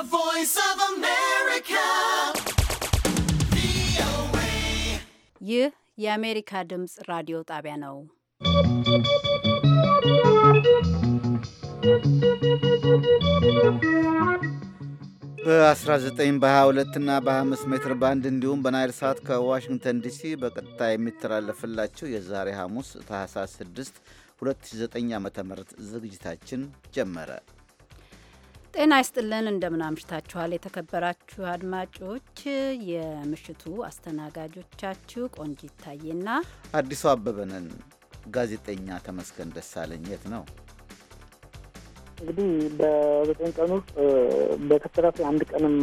The voice of America. ይህ የአሜሪካ ድምፅ ራዲዮ ጣቢያ ነው። በ19 በ22 እና በ25 ሜትር ባንድ እንዲሁም በናይል ሳት ከዋሽንግተን ዲሲ በቀጥታ የሚተላለፍላቸው የዛሬ ሐሙስ ታህሳስ 6 2009 ዓ.ም ዝግጅታችን ጀመረ። ጤና ይስጥልን እንደምን አምሽታችኋል የተከበራችሁ አድማጮች። የምሽቱ አስተናጋጆቻችሁ ቆንጂት ታዬና አዲሱ አበበንን። ጋዜጠኛ ተመስገን ደሳለኝ የት ነው? እንግዲህ በዘጠኝ ቀን ውስጥ በተከታታይ አንድ ቀንም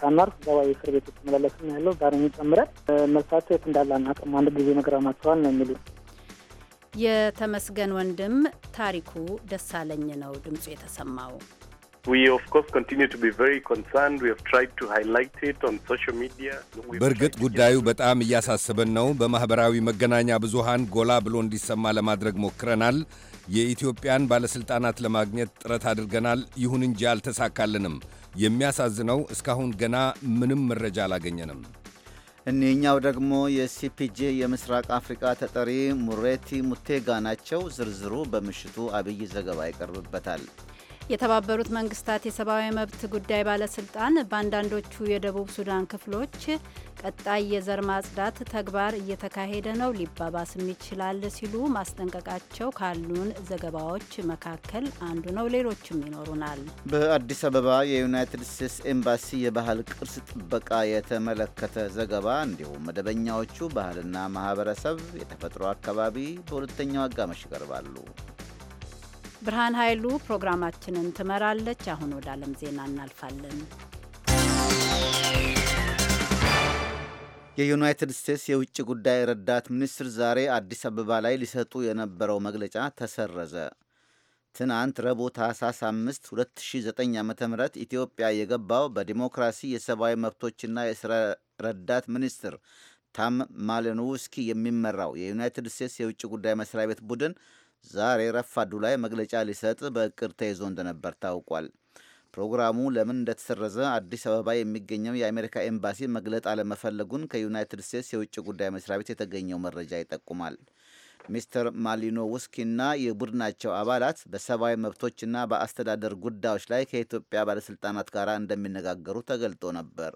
ሳናርፍ ዘባዊ እስር ቤት የተመላለስ ያለው ዛሬ ጨምረን መልሳቸው የት እንዳለ አናውቅም፣ አንድ ጊዜ ነግረናቸዋል ነው የሚሉ የተመስገን ወንድም ታሪኩ ደሳለኝ ነው ድምፁ የተሰማው። በእርግጥ ጉዳዩ በጣም እያሳሰበን ነው። በማኅበራዊ መገናኛ ብዙሃን ጎላ ብሎ እንዲሰማ ለማድረግ ሞክረናል። የኢትዮጵያን ባለሥልጣናት ለማግኘት ጥረት አድርገናል። ይሁን እንጂ አልተሳካልንም። የሚያሳዝነው እስካሁን ገና ምንም መረጃ አላገኘንም። እኒህኛው ደግሞ የሲፒጄ የምስራቅ አፍሪካ ተጠሪ ሙሬቲ ሙቴጋ ናቸው። ዝርዝሩ በምሽቱ አብይ ዘገባ ይቀርብበታል። የተባበሩት መንግስታት የሰብአዊ መብት ጉዳይ ባለስልጣን በአንዳንዶቹ የደቡብ ሱዳን ክፍሎች ቀጣይ የዘር ማጽዳት ተግባር እየተካሄደ ነው፣ ሊባባስም ይችላል ሲሉ ማስጠንቀቃቸው ካሉን ዘገባዎች መካከል አንዱ ነው። ሌሎችም ይኖሩናል። በአዲስ አበባ የዩናይትድ ስቴትስ ኤምባሲ የባህል ቅርስ ጥበቃ የተመለከተ ዘገባ እንዲሁም መደበኛዎቹ ባህልና ማህበረሰብ፣ የተፈጥሮ አካባቢ በሁለተኛው አጋማሽ ይቀርባሉ። ብርሃን ኃይሉ ፕሮግራማችንን ትመራለች። አሁን ወደ ዓለም ዜና እናልፋለን። የዩናይትድ ስቴትስ የውጭ ጉዳይ ረዳት ሚኒስትር ዛሬ አዲስ አበባ ላይ ሊሰጡ የነበረው መግለጫ ተሰረዘ። ትናንት ረቡዕ ታህሳስ 5 2009 ዓ ም ኢትዮጵያ የገባው በዲሞክራሲ የሰብአዊ መብቶችና የሥራ ረዳት ሚኒስትር ታም ማሊኖውስኪ የሚመራው የዩናይትድ ስቴትስ የውጭ ጉዳይ መስሪያ ቤት ቡድን ዛሬ ረፋዱ ላይ መግለጫ ሊሰጥ በእቅድ ተይዞ እንደነበር ታውቋል። ፕሮግራሙ ለምን እንደተሰረዘ አዲስ አበባ የሚገኘው የአሜሪካ ኤምባሲ መግለጥ አለመፈለጉን ከዩናይትድ ስቴትስ የውጭ ጉዳይ መስሪያ ቤት የተገኘው መረጃ ይጠቁማል። ሚስተር ማሊኖውስኪና የቡድናቸው አባላት በሰብአዊ መብቶችና በአስተዳደር ጉዳዮች ላይ ከኢትዮጵያ ባለሥልጣናት ጋር እንደሚነጋገሩ ተገልጦ ነበር።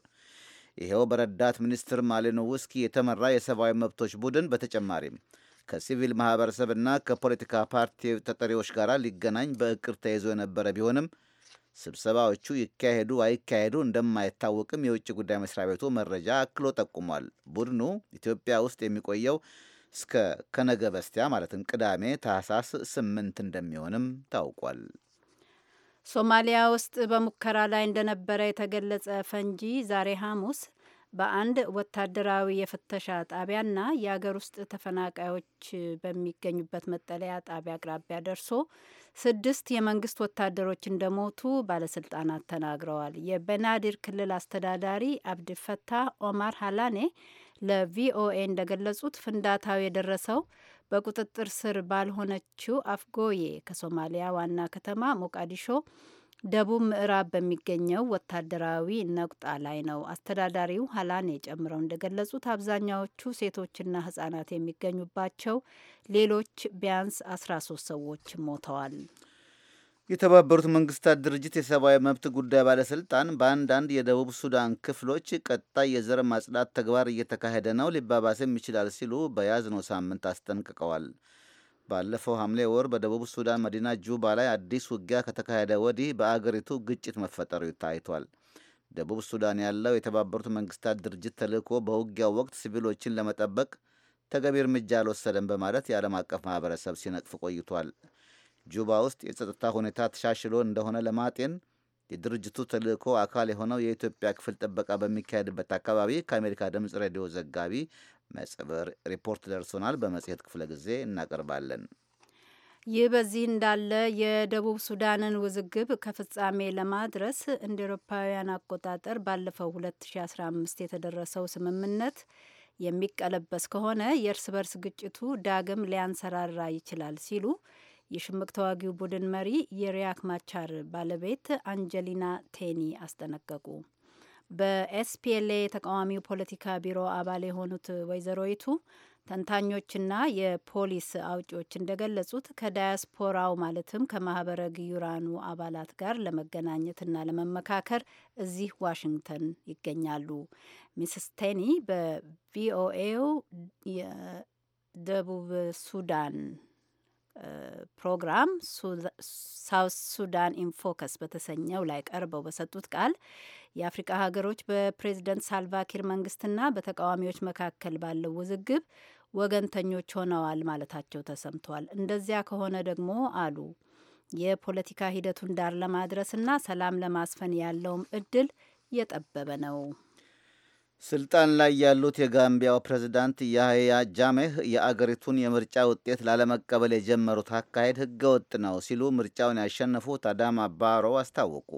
ይኸው በረዳት ሚኒስትር ማሊኖውስኪ የተመራ የሰብአዊ መብቶች ቡድን በተጨማሪም ከሲቪል ማህበረሰብና ከፖለቲካ ፓርቲ ተጠሪዎች ጋር ሊገናኝ በእቅድ ተይዞ የነበረ ቢሆንም ስብሰባዎቹ ይካሄዱ አይካሄዱ እንደማይታወቅም የውጭ ጉዳይ መስሪያ ቤቱ መረጃ አክሎ ጠቁሟል። ቡድኑ ኢትዮጵያ ውስጥ የሚቆየው እስከ ከነገ በስቲያ ማለትም ቅዳሜ ታህሳስ ስምንት እንደሚሆንም ታውቋል። ሶማሊያ ውስጥ በሙከራ ላይ እንደነበረ የተገለጸ ፈንጂ ዛሬ ሐሙስ በአንድ ወታደራዊ የፍተሻ ጣቢያና የአገር ውስጥ ተፈናቃዮች በሚገኙበት መጠለያ ጣቢያ አቅራቢያ ደርሶ ስድስት የመንግስት ወታደሮች እንደሞቱ ባለስልጣናት ተናግረዋል። የበናዲር ክልል አስተዳዳሪ አብድፈታህ ኦማር ሃላኔ ለቪኦኤ እንደገለጹት ፍንዳታው የደረሰው በቁጥጥር ስር ባልሆነችው አፍጎዬ ከሶማሊያ ዋና ከተማ ሞቃዲሾ ደቡብ ምዕራብ በሚገኘው ወታደራዊ ነቁጣ ላይ ነው። አስተዳዳሪው ሀላኔ ጨምረው እንደገለጹት አብዛኛዎቹ ሴቶችና ህጻናት የሚገኙባቸው ሌሎች ቢያንስ 13 ሰዎች ሞተዋል። የተባበሩት መንግስታት ድርጅት የሰብአዊ መብት ጉዳይ ባለስልጣን በአንዳንድ የደቡብ ሱዳን ክፍሎች ቀጣይ የዘር ማጽዳት ተግባር እየተካሄደ ነው፣ ሊባባስም ይችላል ሲሉ በያዝነው ሳምንት አስጠንቅቀዋል። ባለፈው ሐምሌ ወር በደቡብ ሱዳን መዲና ጁባ ላይ አዲስ ውጊያ ከተካሄደ ወዲህ በአገሪቱ ግጭት መፈጠሩ ታይቷል። ደቡብ ሱዳን ያለው የተባበሩት መንግስታት ድርጅት ተልዕኮ በውጊያው ወቅት ሲቪሎችን ለመጠበቅ ተገቢ እርምጃ አልወሰደም በማለት የዓለም አቀፍ ማህበረሰብ ሲነቅፍ ቆይቷል። ጁባ ውስጥ የጸጥታ ሁኔታ ተሻሽሎ እንደሆነ ለማጤን የድርጅቱ ተልዕኮ አካል የሆነው የኢትዮጵያ ክፍል ጥበቃ በሚካሄድበት አካባቢ ከአሜሪካ ድምፅ ሬዲዮ ዘጋቢ ሪፖርት ደርሶናል። በመጽሔት ክፍለ ጊዜ እናቀርባለን። ይህ በዚህ እንዳለ የደቡብ ሱዳንን ውዝግብ ከፍጻሜ ለማድረስ እንደ ኤሮፓውያን አቆጣጠር ባለፈው 2015 የተደረሰው ስምምነት የሚቀለበስ ከሆነ የእርስ በርስ ግጭቱ ዳግም ሊያንሰራራ ይችላል ሲሉ የሽምቅ ተዋጊው ቡድን መሪ የሪያክ ማቻር ባለቤት አንጀሊና ቴኒ አስጠነቀቁ። በኤስፒኤልኤ የተቃዋሚው ፖለቲካ ቢሮ አባል የሆኑት ወይዘሮይቱ ተንታኞችና የፖሊስ አውጪዎች እንደገለጹት ከዳያስፖራው ማለትም ከማህበረ ግዩራኑ አባላት ጋር ለመገናኘትና ለመመካከር እዚህ ዋሽንግተን ይገኛሉ። ሚስስ ቴኒ በቪኦኤው የደቡብ ሱዳን ፕሮግራም ሳውስ ሱዳን ኢንፎከስ በተሰኘው ላይ ቀርበው በሰጡት ቃል የአፍሪቃ ሀገሮች በፕሬዝደንት ሳልቫኪር መንግስትና በተቃዋሚዎች መካከል ባለው ውዝግብ ወገንተኞች ሆነዋል ማለታቸው ተሰምቷል። እንደዚያ ከሆነ ደግሞ አሉ የፖለቲካ ሂደቱን ዳር ለማድረስና ሰላም ለማስፈን ያለውም እድል እየጠበበ ነው። ስልጣን ላይ ያሉት የጋምቢያው ፕሬዝዳንት ያህያ ጃሜህ የአገሪቱን የምርጫ ውጤት ላለመቀበል የጀመሩት አካሄድ ህገወጥ ነው ሲሉ ምርጫውን ያሸነፉት አዳማ ባሮ አስታወቁ።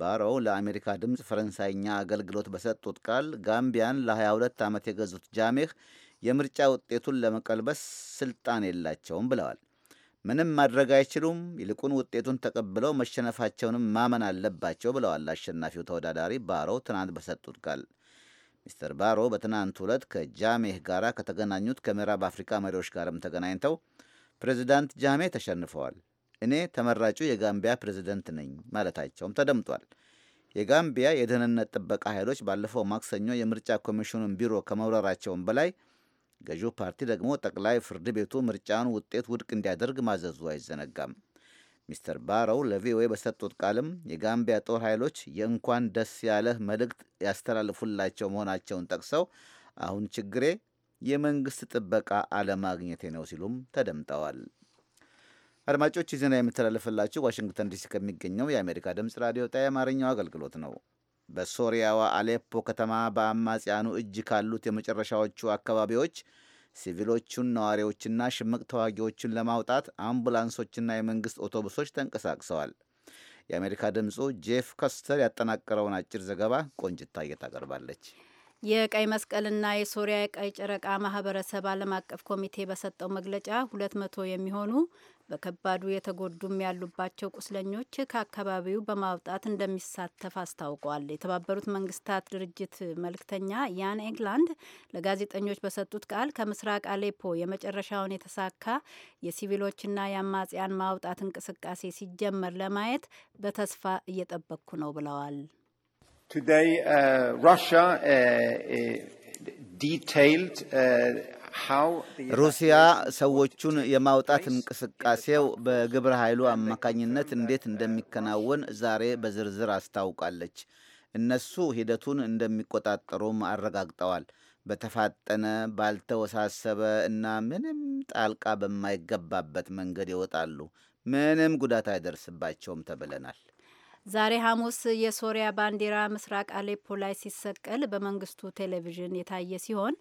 ባሮ ለአሜሪካ ድምፅ ፈረንሳይኛ አገልግሎት በሰጡት ቃል ጋምቢያን ለ22 ዓመት የገዙት ጃሜህ የምርጫ ውጤቱን ለመቀልበስ ስልጣን የላቸውም ብለዋል። ምንም ማድረግ አይችሉም፣ ይልቁን ውጤቱን ተቀብለው መሸነፋቸውንም ማመን አለባቸው ብለዋል አሸናፊው ተወዳዳሪ ባሮ ትናንት በሰጡት ቃል። ሚስተር ባሮ በትናንት ዕለት ከጃሜህ ጋር ከተገናኙት ከምዕራብ አፍሪካ መሪዎች ጋርም ተገናኝተው ፕሬዚዳንት ጃሜህ ተሸንፈዋል እኔ ተመራጩ የጋምቢያ ፕሬዝደንት ነኝ ማለታቸውም ተደምጧል። የጋምቢያ የደህንነት ጥበቃ ኃይሎች ባለፈው ማክሰኞ የምርጫ ኮሚሽኑን ቢሮ ከመውረራቸውም በላይ ገዢው ፓርቲ ደግሞ ጠቅላይ ፍርድ ቤቱ ምርጫውን ውጤት ውድቅ እንዲያደርግ ማዘዙ አይዘነጋም። ሚስተር ባረው ለቪኦኤ በሰጡት ቃልም የጋምቢያ ጦር ኃይሎች የእንኳን ደስ ያለህ መልእክት ያስተላልፉላቸው መሆናቸውን ጠቅሰው አሁን ችግሬ የመንግስት ጥበቃ አለማግኘቴ ነው ሲሉም ተደምጠዋል። አድማጮች ዜና የምተላለፍላችሁ ዋሽንግተን ዲሲ ከሚገኘው የአሜሪካ ድምፅ ራዲዮ ጣቢያ የአማርኛው አገልግሎት ነው። በሶሪያዋ አሌፖ ከተማ በአማጽያኑ እጅ ካሉት የመጨረሻዎቹ አካባቢዎች ሲቪሎቹን ነዋሪዎችና ሽምቅ ተዋጊዎችን ለማውጣት አምቡላንሶችና የመንግሥት አውቶቡሶች ተንቀሳቅሰዋል። የአሜሪካ ድምፁ ጄፍ ከስተር ያጠናቀረውን አጭር ዘገባ ቆንጅታ ታቀርባለች። የቀይ መስቀልና የሶሪያ የቀይ ጨረቃ ማህበረሰብ ዓለም አቀፍ ኮሚቴ በሰጠው መግለጫ ሁለት መቶ የሚሆኑ በከባዱ የተጎዱም ያሉባቸው ቁስለኞች ከአካባቢው በማውጣት እንደሚሳተፍ አስታውቋል። የተባበሩት መንግስታት ድርጅት መልክተኛ ያን ኤግላንድ ለጋዜጠኞች በሰጡት ቃል ከምስራቅ አሌፖ የመጨረሻውን የተሳካ የሲቪሎችና የአማጽያን ማውጣት እንቅስቃሴ ሲጀመር ለማየት በተስፋ እየጠበቅኩ ነው ብለዋል። ሩሲያ ዲቴይልድ uh, ሩሲያ ሰዎቹን የማውጣት እንቅስቃሴው በግብረ ኃይሉ አማካኝነት እንዴት uh, እንደሚከናወን ዛሬ በዝርዝር አስታውቃለች። እነሱ ሂደቱን እንደሚቆጣጠሩም አረጋግጠዋል። በተፋጠነ ባልተወሳሰበ እና ምንም ጣልቃ በማይገባበት መንገድ ይወጣሉ። ምንም ጉዳት አይደርስባቸውም ተብለናል። ዛሬ ሐሙስ የሶሪያ ባንዲራ ምስራቅ አሌፖ ላይ ሲሰቀል በመንግስቱ ቴሌቪዥን የታየ ሲሆን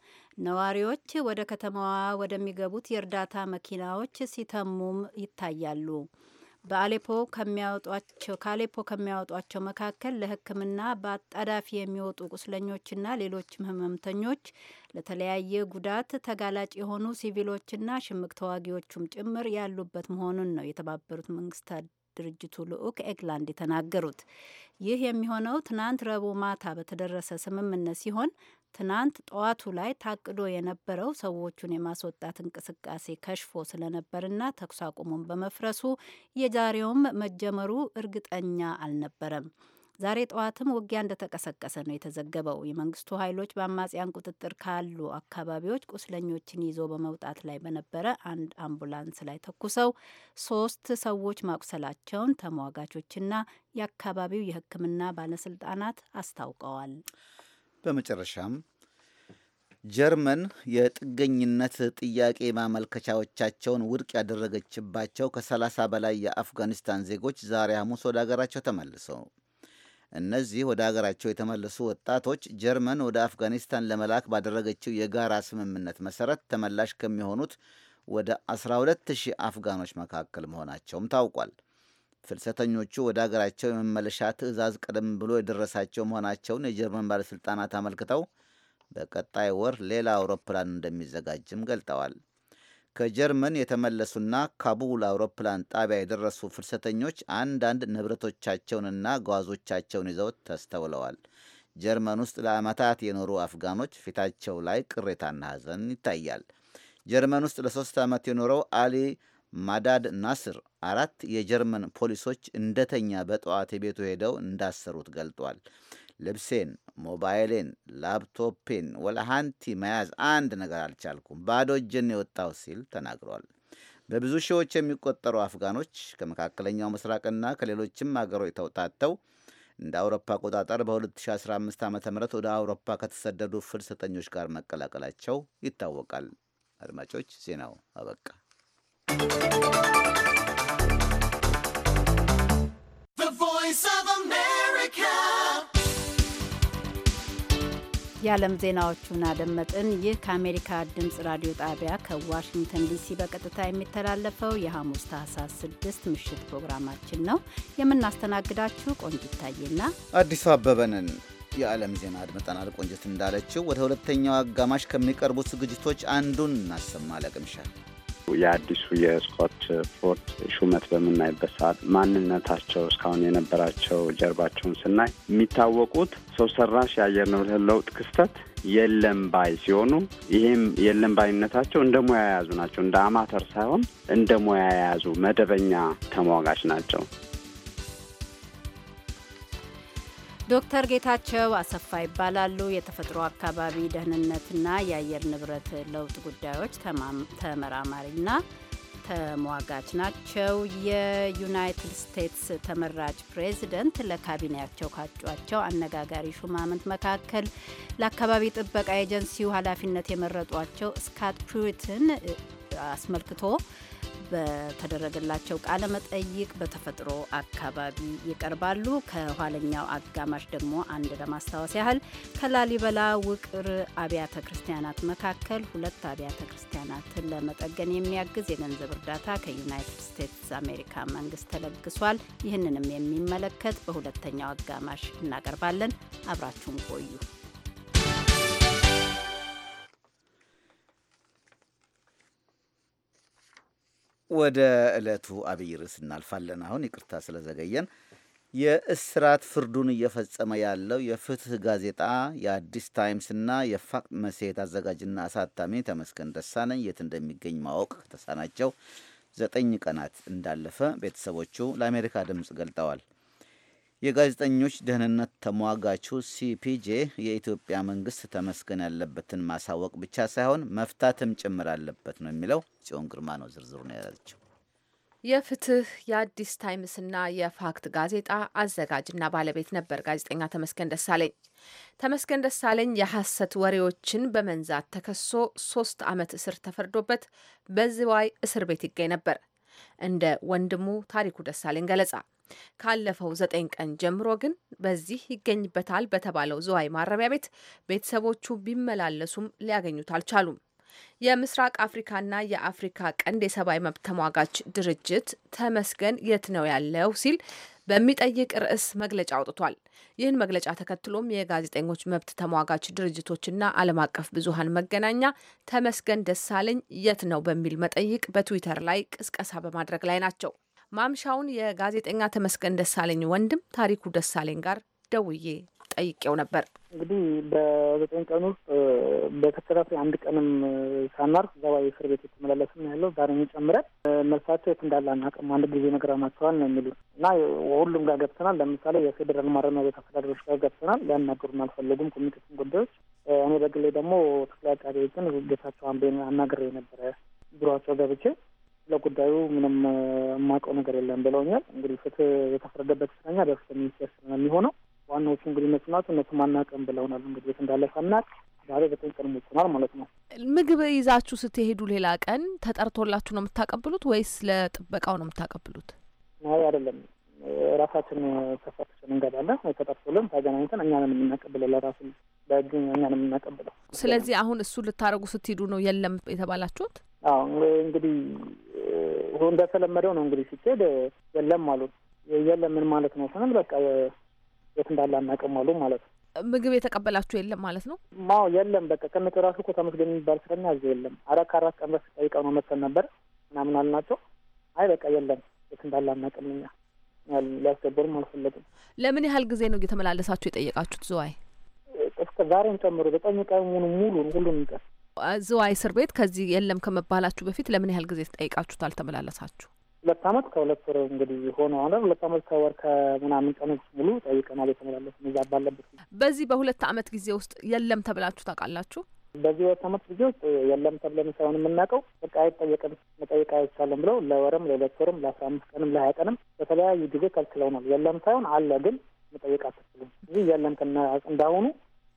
ነዋሪዎች ወደ ከተማዋ ወደሚገቡት የእርዳታ መኪናዎች ሲተሙም ይታያሉ። በአሌፖ ከሚያወጧቸው ከአሌፖ ከሚያወጧቸው መካከል ለሕክምና በአጣዳፊ የሚወጡ ቁስለኞችና ሌሎችም ህመምተኞች፣ ለተለያየ ጉዳት ተጋላጭ የሆኑ ሲቪሎችና ሽምቅ ተዋጊዎቹም ጭምር ያሉበት መሆኑን ነው የተባበሩት መንግስታት ድርጅቱ ልዑክ ኤግላንድ የተናገሩት። ይህ የሚሆነው ትናንት ረቡዕ ማታ በተደረሰ ስምምነት ሲሆን ትናንት ጠዋቱ ላይ ታቅዶ የነበረው ሰዎቹን የማስወጣት እንቅስቃሴ ከሽፎ ስለነበርና ተኩስ አቁሙን በመፍረሱ የዛሬውም መጀመሩ እርግጠኛ አልነበረም። ዛሬ ጠዋትም ውጊያ እንደተቀሰቀሰ ነው የተዘገበው። የመንግስቱ ኃይሎች በአማጽያን ቁጥጥር ካሉ አካባቢዎች ቁስለኞችን ይዞ በመውጣት ላይ በነበረ አንድ አምቡላንስ ላይ ተኩሰው ሶስት ሰዎች ማቁሰላቸውን ተሟጋቾችና የአካባቢው የሕክምና ባለስልጣናት አስታውቀዋል። በመጨረሻም ጀርመን የጥገኝነት ጥያቄ ማመልከቻዎቻቸውን ውድቅ ያደረገችባቸው ከ30 በላይ የአፍጋኒስታን ዜጎች ዛሬ ሐሙስ ወደ አገራቸው ተመልሰው እነዚህ ወደ አገራቸው የተመለሱ ወጣቶች ጀርመን ወደ አፍጋኒስታን ለመላክ ባደረገችው የጋራ ስምምነት መሰረት ተመላሽ ከሚሆኑት ወደ 12000 አፍጋኖች መካከል መሆናቸውም ታውቋል። ፍልሰተኞቹ ወደ አገራቸው የመመለሻ ትዕዛዝ ቀደም ብሎ የደረሳቸው መሆናቸውን የጀርመን ባለሥልጣናት አመልክተው በቀጣይ ወር ሌላ አውሮፕላን እንደሚዘጋጅም ገልጠዋል። ከጀርመን የተመለሱና ካቡል አውሮፕላን ጣቢያ የደረሱ ፍልሰተኞች አንዳንድ ንብረቶቻቸውንና ጓዞቻቸውን ይዘው ተስተውለዋል። ጀርመን ውስጥ ለዓመታት የኖሩ አፍጋኖች ፊታቸው ላይ ቅሬታና ሐዘን ይታያል። ጀርመን ውስጥ ለሶስት ዓመት የኖረው አሊ ማዳድ ናስር አራት የጀርመን ፖሊሶች እንደተኛ በጠዋት የቤቱ ሄደው እንዳሰሩት ገልጧል። ልብሴን ሞባይሌን፣ ላፕቶፔን ወለሃንቲ መያዝ አንድ ነገር አልቻልኩም፣ ባዶ እጄን የወጣው ሲል ተናግሯል። በብዙ ሺዎች የሚቆጠሩ አፍጋኖች ከመካከለኛው ምስራቅና ከሌሎችም አገሮች ተውጣተው እንደ አውሮፓ አቆጣጠር በ2015 ዓ ም ወደ አውሮፓ ከተሰደዱ ፍልሰተኞች ጋር መቀላቀላቸው ይታወቃል። አድማጮች፣ ዜናው አበቃ። ቮይስ ኦፍ አሜሪካ የዓለም ዜናዎቹን አደመጥን። ይህ ከአሜሪካ ድምፅ ራዲዮ ጣቢያ ከዋሽንግተን ዲሲ በቀጥታ የሚተላለፈው የሐሙስ ታህሳስ 6 ምሽት ፕሮግራማችን ነው። የምናስተናግዳችሁ ቆንጅ ታዬና አዲሱ አበበንን የዓለም ዜና አድመጠናል። ቆንጅት እንዳለችው ወደ ሁለተኛው አጋማሽ ከሚቀርቡት ዝግጅቶች አንዱን እናሰማ ለቅምሻል የአዲሱ የስኮት ፎርድ ሹመት በምናይበት ሰዓት ማንነታቸው እስካሁን የነበራቸው ጀርባቸውን ስናይ የሚታወቁት ሰው ሰራሽ የአየር ንብረት ለውጥ ክስተት የለም ባይ ሲሆኑ ይህም የለም ባይነታቸው እንደ ሙያ የያዙ ናቸው። እንደ አማተር ሳይሆን እንደ ሙያ የያዙ መደበኛ ተሟጋች ናቸው። ዶክተር ጌታቸው አሰፋ ይባላሉ። የተፈጥሮ አካባቢ ደህንነትና የአየር ንብረት ለውጥ ጉዳዮች ተመራማሪና ተሟጋች ናቸው። የዩናይትድ ስቴትስ ተመራጭ ፕሬዚደንት ለካቢኔያቸው ካጯቸው አነጋጋሪ ሹማምንት መካከል ለአካባቢ ጥበቃ ኤጀንሲው ኃላፊነት የመረጧቸው ስካት ፕሪትን አስመልክቶ በተደረገላቸው ቃለ መጠይቅ በተፈጥሮ አካባቢ ይቀርባሉ። ከኋለኛው አጋማሽ ደግሞ አንድ ለማስታወስ ያህል ከላሊበላ ውቅር አብያተ ክርስቲያናት መካከል ሁለት አብያተ ክርስቲያናትን ለመጠገን የሚያግዝ የገንዘብ እርዳታ ከዩናይትድ ስቴትስ አሜሪካ መንግስት ተለግሷል። ይህንንም የሚመለከት በሁለተኛው አጋማሽ እናቀርባለን። አብራችሁን ቆዩ። ወደ ዕለቱ አብይ ርዕስ እናልፋለን። አሁን ይቅርታ ስለዘገየን። የእስራት ፍርዱን እየፈጸመ ያለው የፍትህ ጋዜጣ የአዲስ ታይምስና የፋቅት መጽሔት አዘጋጅና አሳታሚ ተመስገን ደሳለኝ የት እንደሚገኝ ማወቅ ከተሳናቸው ዘጠኝ ቀናት እንዳለፈ ቤተሰቦቹ ለአሜሪካ ድምፅ ገልጠዋል። የጋዜጠኞች ደህንነት ተሟጋቹ ሲፒጄ የኢትዮጵያ መንግስት ተመስገን ያለበትን ማሳወቅ ብቻ ሳይሆን መፍታትም ጭምር አለበት ነው የሚለው። ጽዮን ግርማ ነው ዝርዝሩ ነው የፍትህ የአዲስ ታይምስና የፋክት ጋዜጣ አዘጋጅና ባለቤት ነበር ጋዜጠኛ ተመስገን ደሳለኝ። ተመስገን ደሳለኝ የሐሰት ወሬዎችን በመንዛት ተከሶ ሶስት ዓመት እስር ተፈርዶበት በዝዋይ እስር ቤት ይገኝ ነበር። እንደ ወንድሙ ታሪኩ ደሳለኝ ገለጻ ካለፈው ዘጠኝ ቀን ጀምሮ ግን በዚህ ይገኝበታል በተባለው ዝዋይ ማረሚያ ቤት ቤተሰቦቹ ቢመላለሱም ሊያገኙት አልቻሉም። የምስራቅ አፍሪካና የአፍሪካ ቀንድ የሰብአዊ መብት ተሟጋች ድርጅት ተመስገን የት ነው ያለው ሲል በሚጠይቅ ርዕስ መግለጫ አውጥቷል። ይህን መግለጫ ተከትሎም የጋዜጠኞች መብት ተሟጋች ድርጅቶችና ዓለም አቀፍ ብዙሀን መገናኛ ተመስገን ደሳለኝ የት ነው በሚል መጠይቅ በትዊተር ላይ ቅስቀሳ በማድረግ ላይ ናቸው። ማምሻውን የጋዜጠኛ ተመስገን ደሳለኝ ወንድም ታሪኩ ደሳለኝ ጋር ደውዬ ጠይቄው ነበር። እንግዲህ በዘጠኝ ቀን ውስጥ በተከታታይ አንድ ቀንም ሳናርፍ ዘዋይ እስር ቤት የተመላለስ ነው ያለው ዛሬን ጨምረን መልሳቸው የት እንዳለ አናውቅም፣ አንድ ጊዜ ነግረናቸዋል ነው የሚሉት እና ሁሉም ጋር ገብተናል። ለምሳሌ የፌዴራል ማረሚያ ቤት አስተዳደሮች ጋር ገብተናል። ሊያናገሩን አልፈለጉም። ኮሚኒኬሽን ጉዳዮች እኔ በግሌ ደግሞ ጠቅላይ አቃቤ ሕግን ጌታቸው አምቤን አናግሬ ነበረ ቢሯቸው ገብቼ ለጉዳዩ ምንም የማውቀው ነገር የለም ብለውኛል። እንግዲህ ፍትህ የተፈረደበት እስረኛ በፍት ሚኒስቴርስ ነው የሚሆነው። ዋናዎቹ እንግዲህ እነሱ እነሱ ማናቀም ብለውናል። እንግዲህ የት እንዳለ ሳናቅ ዛሬ ዘጠኝ ቀን ሞልቶናል ማለት ነው። ምግብ ይዛችሁ ስትሄዱ ሌላ ቀን ተጠርቶላችሁ ነው የምታቀብሉት ወይስ ለጥበቃው ነው የምታቀብሉት? አይ አይደለም፣ ራሳችን ሰፈርችን እንገባለን። ተጠርቶልን ተገናኝተን እኛ ነው የምናቀብለው፣ ለራሱ በእጅ እኛ ነው የምናቀብለው። ስለዚህ አሁን እሱ ልታደርጉ ስትሄዱ ነው የለም የተባላችሁት? አዎ እንግዲህ እንደተለመደው ነው እንግዲህ ሲኬድ የለም አሉ። የለም ምን ማለት ነው ስንል በቃ የት እንዳለ አናውቅም አሉ ማለት ነው። ምግብ የተቀበላችሁ የለም ማለት ነው? ማው የለም በቃ ቅንጡ ራሱ እኮ ተመስገን የሚባል ስለኛ እዚህ የለም። አረ ከአራት ቀን በስ ጠይቀው ነው መሰል ነበር ምናምን አልናቸው። አይ በቃ የለም የት እንዳለ አናውቅም እኛ ሊያስገበሩም አልፈለግም። ለምን ያህል ጊዜ ነው እየተመላለሳችሁ የጠየቃችሁት? ዝዋይ እስከ ዛሬን ጨምሮ ዘጠኝ ቀን ሙሉ ሁሉን ቀን ዝዋይ እስር ቤት ከዚህ የለም ከመባላችሁ በፊት ለምን ያህል ጊዜ ተጠይቃችሁት አልተመላለሳችሁ? ሁለት አመት ከሁለት ወር እንግዲህ ሆነ ሆነ ሁለት አመት ከወር ከምናምን ቀኖች ሙሉ ጠይቀናል። የተመላለስ እዛ ባለበት በዚህ በሁለት አመት ጊዜ ውስጥ የለም ተብላችሁ ታውቃላችሁ? በዚህ ሁለት አመት ጊዜ ውስጥ የለም ተብለን ሳይሆን የምናውቀው በቃ አይጠየቅም መጠየቅ አይቻልም ብለው ለወርም ለሁለት ወርም ለአስራ አምስት ቀንም ለሀያ ቀንም በተለያዩ ጊዜ ከልክለውናል። የለም ሳይሆን አለ ግን መጠየቅ አትችሉም። እዚህ የለም እንዳሁኑ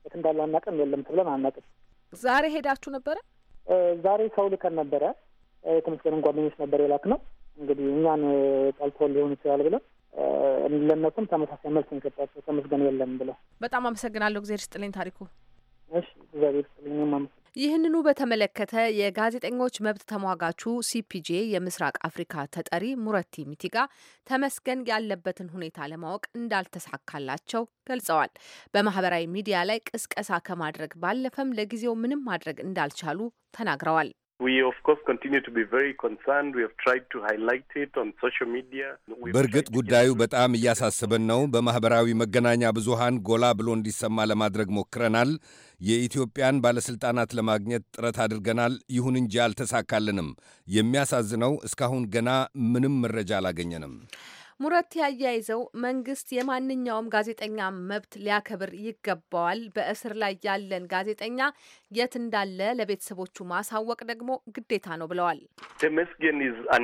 የት እንዳለ አናውቅም። የለም ተብለን አናውቅም። ዛሬ ሄዳችሁ ነበረ? ዛሬ ሰው ልከን ነበረ። የተመስገንን ጓደኞች ነበር የላክ ነው። እንግዲህ እኛን ጠልቶ ሊሆን ይችላል ብለን ለእነሱም ተመሳሳይ መልስ እንሰጣቸው። ተመስገን የለም ብለው። በጣም አመሰግናለሁ። እግዜር ስጥልኝ ታሪኩ። እሺ፣ እግዚአብሔር ስጥልኝ። ይህንኑ በተመለከተ የጋዜጠኞች መብት ተሟጋቹ ሲፒጄ የምስራቅ አፍሪካ ተጠሪ ሙረቲ ሚቲጋ ተመስገን ያለበትን ሁኔታ ለማወቅ እንዳልተሳካላቸው ገልጸዋል። በማህበራዊ ሚዲያ ላይ ቅስቀሳ ከማድረግ ባለፈም ለጊዜው ምንም ማድረግ እንዳልቻሉ ተናግረዋል። በእርግጥ ጉዳዩ በጣም እያሳሰበን ነው። በማኅበራዊ መገናኛ ብዙሃን ጎላ ብሎ እንዲሰማ ለማድረግ ሞክረናል። የኢትዮጵያን ባለሥልጣናት ለማግኘት ጥረት አድርገናል። ይሁን እንጂ አልተሳካልንም። የሚያሳዝነው እስካሁን ገና ምንም መረጃ አላገኘንም። ሙረቲ አያይዘው መንግስት የማንኛውም ጋዜጠኛ መብት ሊያከብር ይገባዋል። በእስር ላይ ያለን ጋዜጠኛ የት እንዳለ ለቤተሰቦቹ ማሳወቅ ደግሞ ግዴታ ነው ብለዋል። ተመስገን አ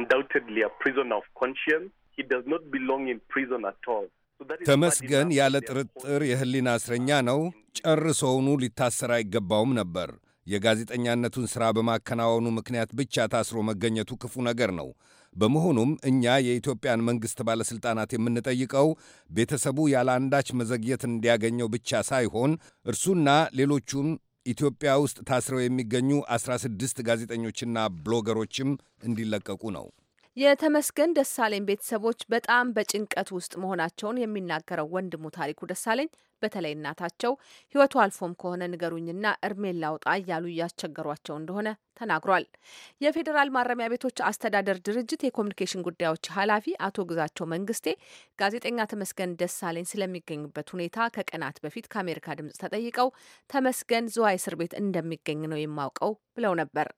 ተመስገን ያለ ጥርጥር የህሊና እስረኛ ነው። ጨርሶውኑ ሊታሰር አይገባውም ነበር። የጋዜጠኛነቱን ሥራ በማከናወኑ ምክንያት ብቻ ታስሮ መገኘቱ ክፉ ነገር ነው። በመሆኑም እኛ የኢትዮጵያን መንግሥት ባለሥልጣናት የምንጠይቀው ቤተሰቡ ያለ አንዳች መዘግየት እንዲያገኘው ብቻ ሳይሆን እርሱና ሌሎቹም ኢትዮጵያ ውስጥ ታስረው የሚገኙ 16 ጋዜጠኞችና ብሎገሮችም እንዲለቀቁ ነው። የተመስገን ደሳለኝ ቤተሰቦች በጣም በጭንቀት ውስጥ መሆናቸውን የሚናገረው ወንድሙ ታሪኩ ደሳለኝ በተለይ እናታቸው ሕይወቱ አልፎም ከሆነ ንገሩኝና እርሜን ላውጣ እያሉ እያስቸገሯቸው እንደሆነ ተናግሯል። የፌዴራል ማረሚያ ቤቶች አስተዳደር ድርጅት የኮሚኒኬሽን ጉዳዮች ኃላፊ አቶ ግዛቸው መንግስቴ ጋዜጠኛ ተመስገን ደሳለኝ ስለሚገኙበት ሁኔታ ከቀናት በፊት ከአሜሪካ ድምጽ ተጠይቀው ተመስገን ዝዋይ እስር ቤት እንደሚገኝ ነው የማውቀው ብለው ነበር።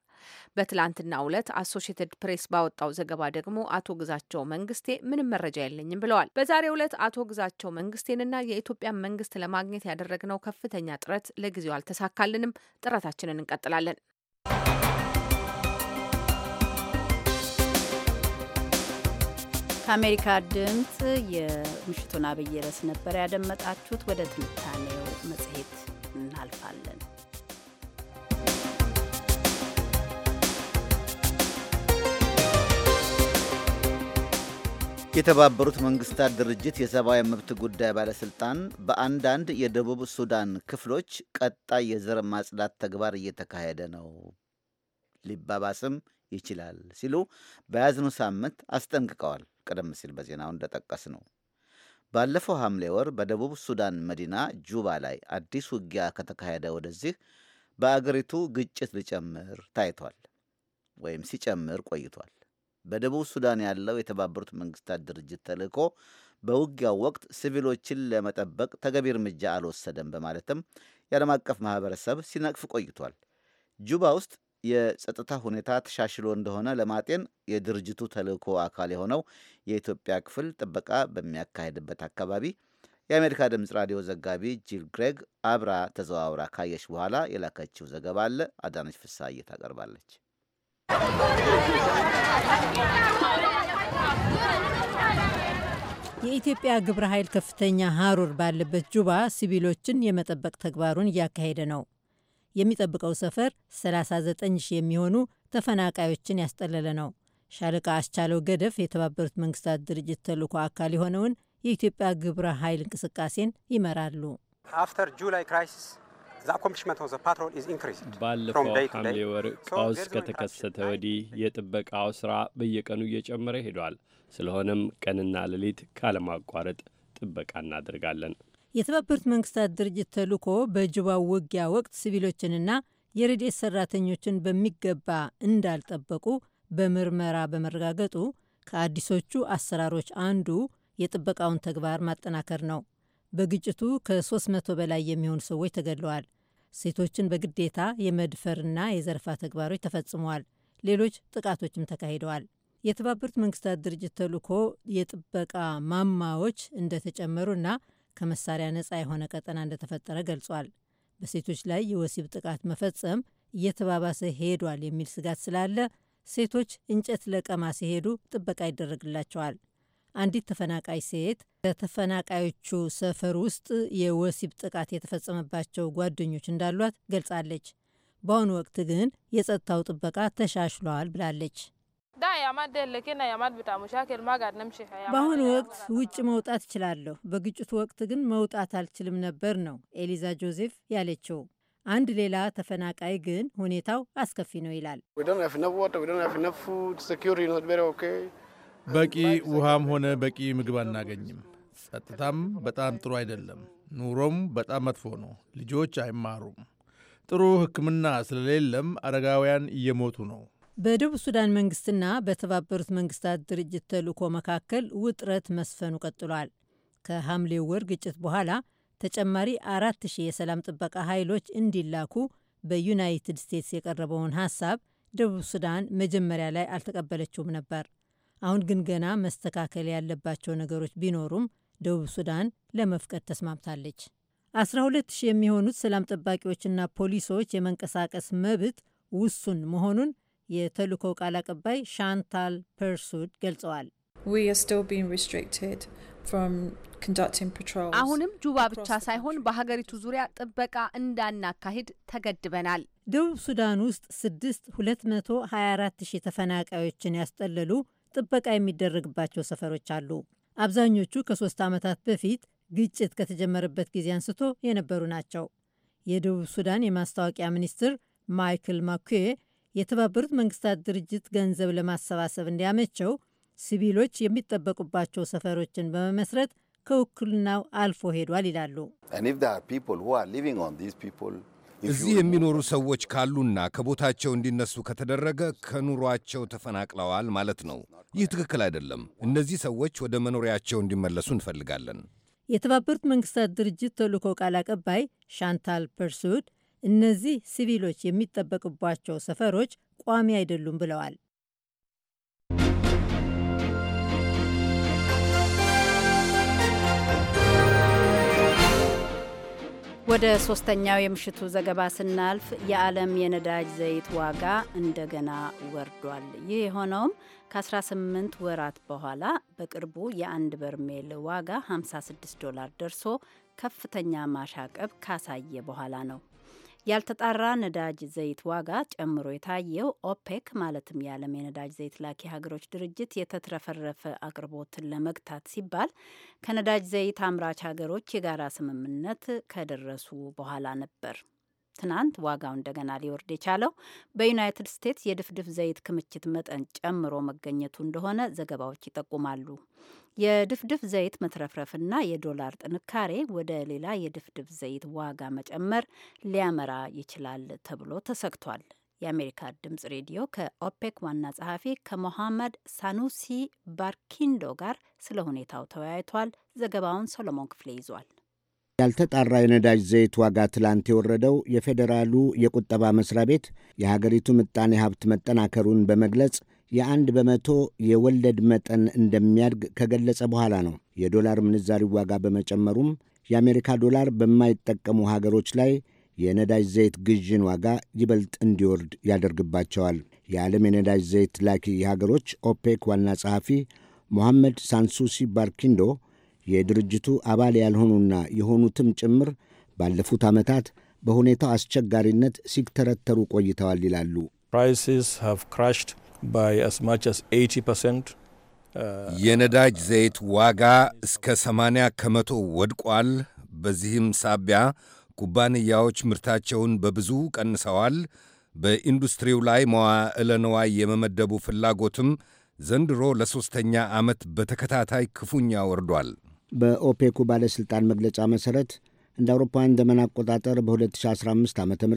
በትላንትናው ዕለት አሶሽትድ ፕሬስ ባወጣው ዘገባ ደግሞ አቶ ግዛቸው መንግስቴ ምንም መረጃ የለኝም ብለዋል። በዛሬው ዕለት አቶ ግዛቸው መንግስቴንና የኢትዮጵያን መንግስት ለማግኘት ያደረግነው ከፍተኛ ጥረት ለጊዜው አልተሳካልንም። ጥረታችንን እንቀጥላለን። ከአሜሪካ ድምፅ የምሽቱን አብይ ርዕስ ነበር ያደመጣችሁት። ወደ ትንታኔው መጽሔት እናልፋለን። የተባበሩት መንግስታት ድርጅት የሰብአዊ መብት ጉዳይ ባለሥልጣን በአንዳንድ የደቡብ ሱዳን ክፍሎች ቀጣይ የዘር ማጽዳት ተግባር እየተካሄደ ነው፣ ሊባባስም ይችላል ሲሉ በያዝኑ ሳምንት አስጠንቅቀዋል። ቀደም ሲል በዜናው እንደጠቀስ ነው ባለፈው ሐምሌ ወር በደቡብ ሱዳን መዲና ጁባ ላይ አዲስ ውጊያ ከተካሄደ ወደዚህ በአገሪቱ ግጭት ሊጨምር ታይቷል ወይም ሲጨምር ቆይቷል። በደቡብ ሱዳን ያለው የተባበሩት መንግስታት ድርጅት ተልእኮ በውጊያው ወቅት ሲቪሎችን ለመጠበቅ ተገቢ እርምጃ አልወሰደም በማለትም የዓለም አቀፍ ማህበረሰብ ሲነቅፍ ቆይቷል። ጁባ ውስጥ የጸጥታ ሁኔታ ተሻሽሎ እንደሆነ ለማጤን የድርጅቱ ተልእኮ አካል የሆነው የኢትዮጵያ ክፍል ጥበቃ በሚያካሄድበት አካባቢ የአሜሪካ ድምፅ ራዲዮ ዘጋቢ ጂል ግሬግ አብራ ተዘዋውራ ካየች በኋላ የላከችው ዘገባ አለ። አዳነች ፍስሐ ታቀርባለች። የኢትዮጵያ ግብረ ኃይል ከፍተኛ ሀሩር ባለበት ጁባ ሲቪሎችን የመጠበቅ ተግባሩን እያካሄደ ነው። የሚጠብቀው ሰፈር 39 ሺህ የሚሆኑ ተፈናቃዮችን ያስጠለለ ነው። ሻለቃ አስቻለው ገደፍ የተባበሩት መንግስታት ድርጅት ተልኮ አካል የሆነውን የኢትዮጵያ ግብረ ኃይል እንቅስቃሴን ይመራሉ። አፍተር ጁላይ ክራይሲስ ባለፈው ሐምሌ ወር ቀውስ ከተከሰተ ወዲህ የጥበቃው ስራ በየቀኑ እየጨመረ ሄዷል። ስለሆነም ቀንና ሌሊት ካለማቋረጥ ጥበቃ እናደርጋለን። የተባበሩት መንግስታት ድርጅት ተልኮ በጅባው ውጊያ ወቅት ሲቪሎችንና የረድኤት ሰራተኞችን በሚገባ እንዳልጠበቁ በምርመራ በመረጋገጡ ከአዲሶቹ አሰራሮች አንዱ የጥበቃውን ተግባር ማጠናከር ነው። በግጭቱ ከ300 በላይ የሚሆኑ ሰዎች ተገድለዋል። ሴቶችን በግዴታ የመድፈርና የዘርፋ ተግባሮች ተፈጽመዋል። ሌሎች ጥቃቶችም ተካሂደዋል። የተባበሩት መንግስታት ድርጅት ተልኮ የጥበቃ ማማዎች እንደተጨመሩና ከመሳሪያ ነፃ የሆነ ቀጠና እንደተፈጠረ ገልጿል። በሴቶች ላይ የወሲብ ጥቃት መፈጸም እየተባባሰ ሄዷል የሚል ስጋት ስላለ ሴቶች እንጨት ለቀማ ሲሄዱ ጥበቃ ይደረግላቸዋል። አንዲት ተፈናቃይ ሴት በተፈናቃዮቹ ሰፈር ውስጥ የወሲብ ጥቃት የተፈጸመባቸው ጓደኞች እንዳሏት ገልጻለች። በአሁኑ ወቅት ግን የጸጥታው ጥበቃ ተሻሽሏል ብላለች። በአሁኑ ወቅት ውጭ መውጣት እችላለሁ፣ በግጭቱ ወቅት ግን መውጣት አልችልም ነበር ነው ኤሊዛ ጆዜፍ ያለችው። አንድ ሌላ ተፈናቃይ ግን ሁኔታው አስከፊ ነው ይላል። በቂ ውሃም ሆነ በቂ ምግብ አናገኝም። ጸጥታም በጣም ጥሩ አይደለም። ኑሮም በጣም መጥፎ ነው። ልጆች አይማሩም። ጥሩ ሕክምና ስለሌለም አረጋውያን እየሞቱ ነው። በደቡብ ሱዳን መንግስትና በተባበሩት መንግስታት ድርጅት ተልእኮ መካከል ውጥረት መስፈኑ ቀጥሏል። ከሐምሌ ወር ግጭት በኋላ ተጨማሪ አራት ሺህ የሰላም ጥበቃ ኃይሎች እንዲላኩ በዩናይትድ ስቴትስ የቀረበውን ሐሳብ ደቡብ ሱዳን መጀመሪያ ላይ አልተቀበለችውም ነበር። አሁን ግን ገና መስተካከል ያለባቸው ነገሮች ቢኖሩም ደቡብ ሱዳን ለመፍቀድ ተስማምታለች። 12 ሺህ የሚሆኑት ሰላም ጠባቂዎችና ፖሊሶች የመንቀሳቀስ መብት ውሱን መሆኑን የተልእኮው ቃል አቀባይ ሻንታል ፐርሱድ ገልጸዋል። አሁንም ጁባ ብቻ ሳይሆን በሀገሪቱ ዙሪያ ጥበቃ እንዳናካሂድ ተገድበናል። ደቡብ ሱዳን ውስጥ 6 224 ሺህ ተፈናቃዮችን ያስጠለሉ ጥበቃ የሚደረግባቸው ሰፈሮች አሉ። አብዛኞቹ ከሶስት ዓመታት በፊት ግጭት ከተጀመረበት ጊዜ አንስቶ የነበሩ ናቸው። የደቡብ ሱዳን የማስታወቂያ ሚኒስትር ማይክል ማኩዌ የተባበሩት መንግስታት ድርጅት ገንዘብ ለማሰባሰብ እንዲያመቸው ሲቪሎች የሚጠበቁባቸው ሰፈሮችን በመመስረት ከውክልናው አልፎ ሄዷል ይላሉ። እዚህ የሚኖሩ ሰዎች ካሉና ከቦታቸው እንዲነሱ ከተደረገ ከኑሯቸው ተፈናቅለዋል ማለት ነው። ይህ ትክክል አይደለም። እነዚህ ሰዎች ወደ መኖሪያቸው እንዲመለሱ እንፈልጋለን። የተባበሩት መንግስታት ድርጅት ተልእኮ ቃል አቀባይ ሻንታል ፐርሱድ እነዚህ ሲቪሎች የሚጠበቅባቸው ሰፈሮች ቋሚ አይደሉም ብለዋል። ወደ ሶስተኛው የምሽቱ ዘገባ ስናልፍ የዓለም የነዳጅ ዘይት ዋጋ እንደገና ወርዷል። ይህ የሆነውም ከ18 ወራት በኋላ በቅርቡ የአንድ በርሜል ዋጋ 56 ዶላር ደርሶ ከፍተኛ ማሻቀብ ካሳየ በኋላ ነው። ያልተጣራ ነዳጅ ዘይት ዋጋ ጨምሮ የታየው ኦፔክ ማለትም የዓለም የነዳጅ ዘይት ላኪ ሀገሮች ድርጅት የተትረፈረፈ አቅርቦትን ለመግታት ሲባል ከነዳጅ ዘይት አምራች ሀገሮች የጋራ ስምምነት ከደረሱ በኋላ ነበር። ትናንት ዋጋው እንደገና ሊወርድ የቻለው በዩናይትድ ስቴትስ የድፍድፍ ዘይት ክምችት መጠን ጨምሮ መገኘቱ እንደሆነ ዘገባዎች ይጠቁማሉ። የድፍድፍ ዘይት መትረፍረፍና የዶላር ጥንካሬ ወደ ሌላ የድፍድፍ ዘይት ዋጋ መጨመር ሊያመራ ይችላል ተብሎ ተሰግቷል። የአሜሪካ ድምጽ ሬዲዮ ከኦፔክ ዋና ጸሐፊ ከሞሐመድ ሳኑሲ ባርኪንዶ ጋር ስለ ሁኔታው ተወያይቷል። ዘገባውን ሰሎሞን ክፍሌ ይዟል። ያልተጣራ የነዳጅ ዘይት ዋጋ ትላንት የወረደው የፌዴራሉ የቁጠባ መስሪያ ቤት የሀገሪቱ ምጣኔ ሀብት መጠናከሩን በመግለጽ የአንድ በመቶ የወለድ መጠን እንደሚያድግ ከገለጸ በኋላ ነው። የዶላር ምንዛሪ ዋጋ በመጨመሩም የአሜሪካ ዶላር በማይጠቀሙ ሀገሮች ላይ የነዳጅ ዘይት ግዥን ዋጋ ይበልጥ እንዲወርድ ያደርግባቸዋል። የዓለም የነዳጅ ዘይት ላኪ ሀገሮች ኦፔክ ዋና ጸሐፊ ሞሐመድ ሳንሱሲ ባርኪንዶ የድርጅቱ አባል ያልሆኑና የሆኑትም ጭምር ባለፉት ዓመታት በሁኔታው አስቸጋሪነት ሲተረተሩ ቆይተዋል ይላሉ። uh, የነዳጅ ዘይት ዋጋ እስከ 80 ከመቶ ወድቋል። በዚህም ሳቢያ ኩባንያዎች ምርታቸውን በብዙ ቀንሰዋል። በኢንዱስትሪው ላይ መዋዕለ ነዋይ የመመደቡ ፍላጎትም ዘንድሮ ለሦስተኛ ዓመት በተከታታይ ክፉኛ ወርዷል። በኦፔኩ ባለሥልጣን መግለጫ መሠረት እንደ አውሮፓውያን ዘመን አቆጣጠር በ2015 ዓ ም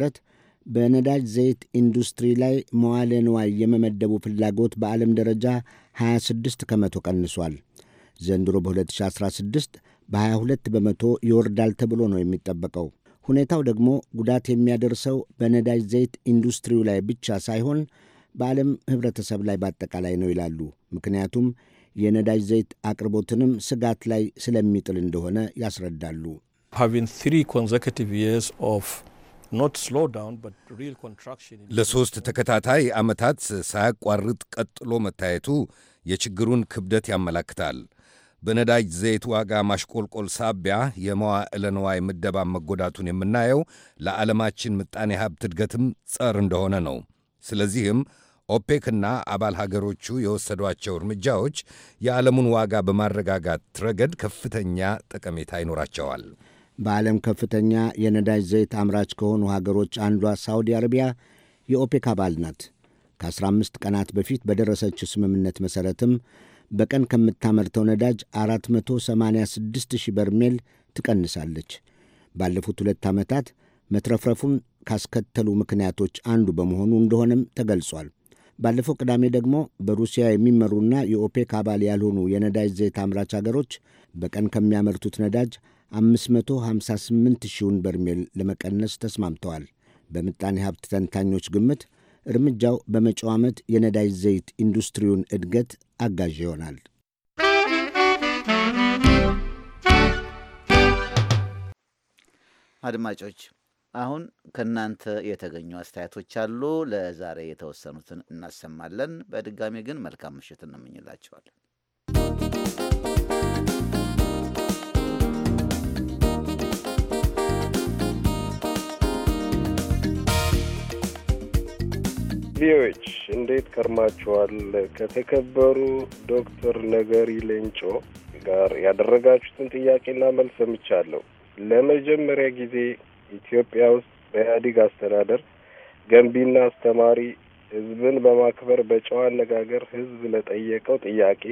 በነዳጅ ዘይት ኢንዱስትሪ ላይ መዋለ ንዋይ የመመደቡ ፍላጎት በዓለም ደረጃ 26 ከመቶ ቀንሷል። ዘንድሮ በ2016 በ22 በመቶ ይወርዳል ተብሎ ነው የሚጠበቀው። ሁኔታው ደግሞ ጉዳት የሚያደርሰው በነዳጅ ዘይት ኢንዱስትሪው ላይ ብቻ ሳይሆን በዓለም ኅብረተሰብ ላይ በአጠቃላይ ነው ይላሉ። ምክንያቱም የነዳጅ ዘይት አቅርቦትንም ስጋት ላይ ስለሚጥል እንደሆነ ያስረዳሉ። ለሦስት ተከታታይ ዓመታት ሳያቋርጥ ቀጥሎ መታየቱ የችግሩን ክብደት ያመላክታል። በነዳጅ ዘይት ዋጋ ማሽቆልቆል ሳቢያ የመዋዕለ ንዋይ ምደባ መጎዳቱን የምናየው ለዓለማችን ምጣኔ ሀብት እድገትም ጸር እንደሆነ ነው። ስለዚህም ኦፔክና አባል ሀገሮቹ የወሰዷቸው እርምጃዎች የዓለሙን ዋጋ በማረጋጋት ረገድ ከፍተኛ ጠቀሜታ ይኖራቸዋል። በዓለም ከፍተኛ የነዳጅ ዘይት አምራች ከሆኑ ሀገሮች አንዷ ሳውዲ አረቢያ የኦፔክ አባል ናት። ከ15 ቀናት በፊት በደረሰችው ስምምነት መሠረትም በቀን ከምታመርተው ነዳጅ 486 ሺህ በርሜል ትቀንሳለች። ባለፉት ሁለት ዓመታት መትረፍረፉን ካስከተሉ ምክንያቶች አንዱ በመሆኑ እንደሆነም ተገልጿል። ባለፈው ቅዳሜ ደግሞ በሩሲያ የሚመሩና የኦፔክ አባል ያልሆኑ የነዳጅ ዘይት አምራች አገሮች በቀን ከሚያመርቱት ነዳጅ 558 ሺውን በርሜል ለመቀነስ ተስማምተዋል። በምጣኔ ሀብት ተንታኞች ግምት እርምጃው በመጪው ዓመት የነዳጅ ዘይት ኢንዱስትሪውን እድገት አጋዥ ይሆናል። አድማጮች አሁን ከእናንተ የተገኙ አስተያየቶች አሉ። ለዛሬ የተወሰኑትን እናሰማለን። በድጋሚ ግን መልካም ምሽት እንመኝላቸዋለን። ቪዎች እንዴት ከርማችኋል? ከተከበሩ ዶክተር ነገሪ ሌንጮ ጋር ያደረጋችሁትን ጥያቄና መልስ ሰምቻለሁ። ለመጀመሪያ ጊዜ ኢትዮጵያ ውስጥ በኢህአዴግ አስተዳደር ገንቢና አስተማሪ ህዝብን በማክበር በጨዋ አነጋገር ህዝብ ለጠየቀው ጥያቄ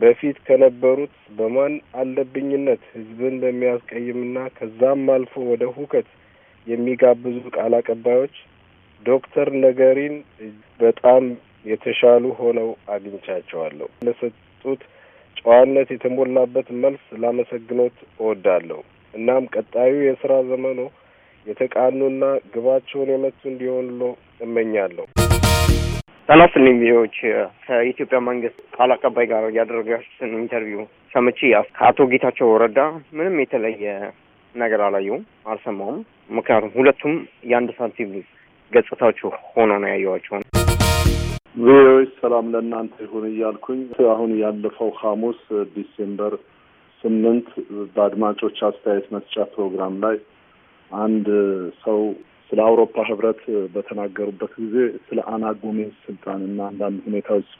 በፊት ከነበሩት በማን አለብኝነት ህዝብን በሚያስቀይምና ከዛም አልፎ ወደ ሁከት የሚጋብዙ ቃል አቀባዮች ዶክተር ነገሪን በጣም የተሻሉ ሆነው አግኝቻቸዋለሁ። ለሰጡት ጨዋነት የተሞላበት መልስ ላመሰግኖት እወዳለሁ። እናም ቀጣዩ የስራ ዘመኑ የተቃኑና ግባቸውን የመቱ እንዲሆንሎ እመኛለሁ። ጠላስልኝ ቪዎች ከኢትዮጵያ መንግስት ቃል አቀባይ ጋር ያደረጋችሁትን ኢንተርቪው ሰምቼ ከአቶ ጌታቸው ረዳ ምንም የተለየ ነገር አላየውም፣ አልሰማውም። ምክንያቱም ሁለቱም የአንድ ሳንቲም ገጽታዎች ሆኖ ነው ያየዋቸው። ቪዎች ሰላም ለእናንተ ይሁን እያልኩኝ አሁን ያለፈው ሐሙስ ዲሴምበር ስምንት በአድማጮች አስተያየት መስጫ ፕሮግራም ላይ አንድ ሰው ስለ አውሮፓ ህብረት በተናገሩበት ጊዜ ስለ አና ጎሜዝ ስልጣን እና አንዳንድ ሁኔታዎች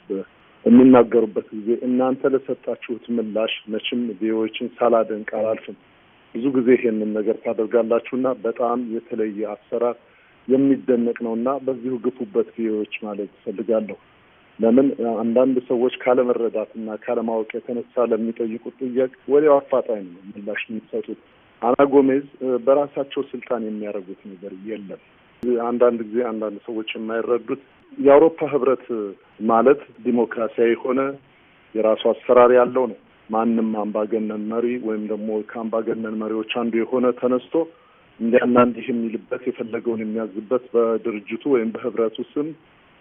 በሚናገሩበት ጊዜ እናንተ ለሰጣችሁት ምላሽ መቼም ቪዎችን ሳላደንቅ አላልፍም። ብዙ ጊዜ ይሄንን ነገር ታደርጋላችሁ እና በጣም የተለየ አሰራር የሚደነቅ ነው እና በዚሁ ግፉበት ቪዎች ማለት እፈልጋለሁ። ለምን አንዳንድ ሰዎች ካለመረዳትና ካለማወቅ የተነሳ ለሚጠይቁት ጥያቄ ወዲያው አፋጣኝ ነው ምላሽ የሚሰጡት። አና ጎሜዝ በራሳቸው ስልጣን የሚያደርጉት ነገር የለም። አንዳንድ ጊዜ አንዳንድ ሰዎች የማይረዱት የአውሮፓ ህብረት ማለት ዲሞክራሲያዊ የሆነ የራሱ አሰራር ያለው ነው። ማንም አምባገነን መሪ ወይም ደግሞ ከአምባገነን መሪዎች አንዱ የሆነ ተነስቶ እንዲያና እንዲህ የሚልበት የፈለገውን የሚያዝበት በድርጅቱ ወይም በህብረቱ ስም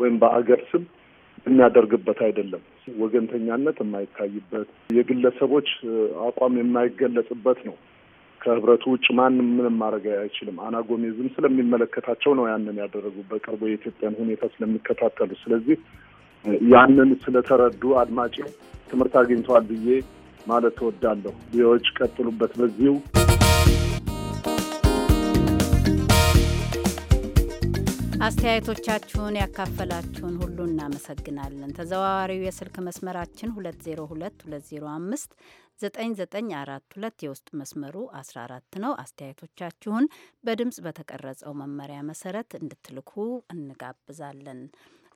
ወይም በአገር ስም የምናደርግበት አይደለም። ወገንተኛነት የማይታይበት የግለሰቦች አቋም የማይገለጽበት ነው። ከህብረቱ ውጭ ማንም ምንም ማድረግ አይችልም። አናጎሚዝም ስለሚመለከታቸው ነው ያንን ያደረጉ በቅርቡ የኢትዮጵያን ሁኔታ ስለሚከታተሉ። ስለዚህ ያንን ስለተረዱ አድማጭ ትምህርት አግኝተዋል ብዬ ማለት ተወዳለሁ ዎች ቀጥሉበት በዚሁ አስተያየቶቻችሁን ያካፈላችሁን ሁሉ እናመሰግናለን። ተዘዋዋሪው የስልክ መስመራችን 202205 9942 የውስጥ መስመሩ 14 ነው። አስተያየቶቻችሁን በድምፅ በተቀረጸው መመሪያ መሰረት እንድትልኩ እንጋብዛለን።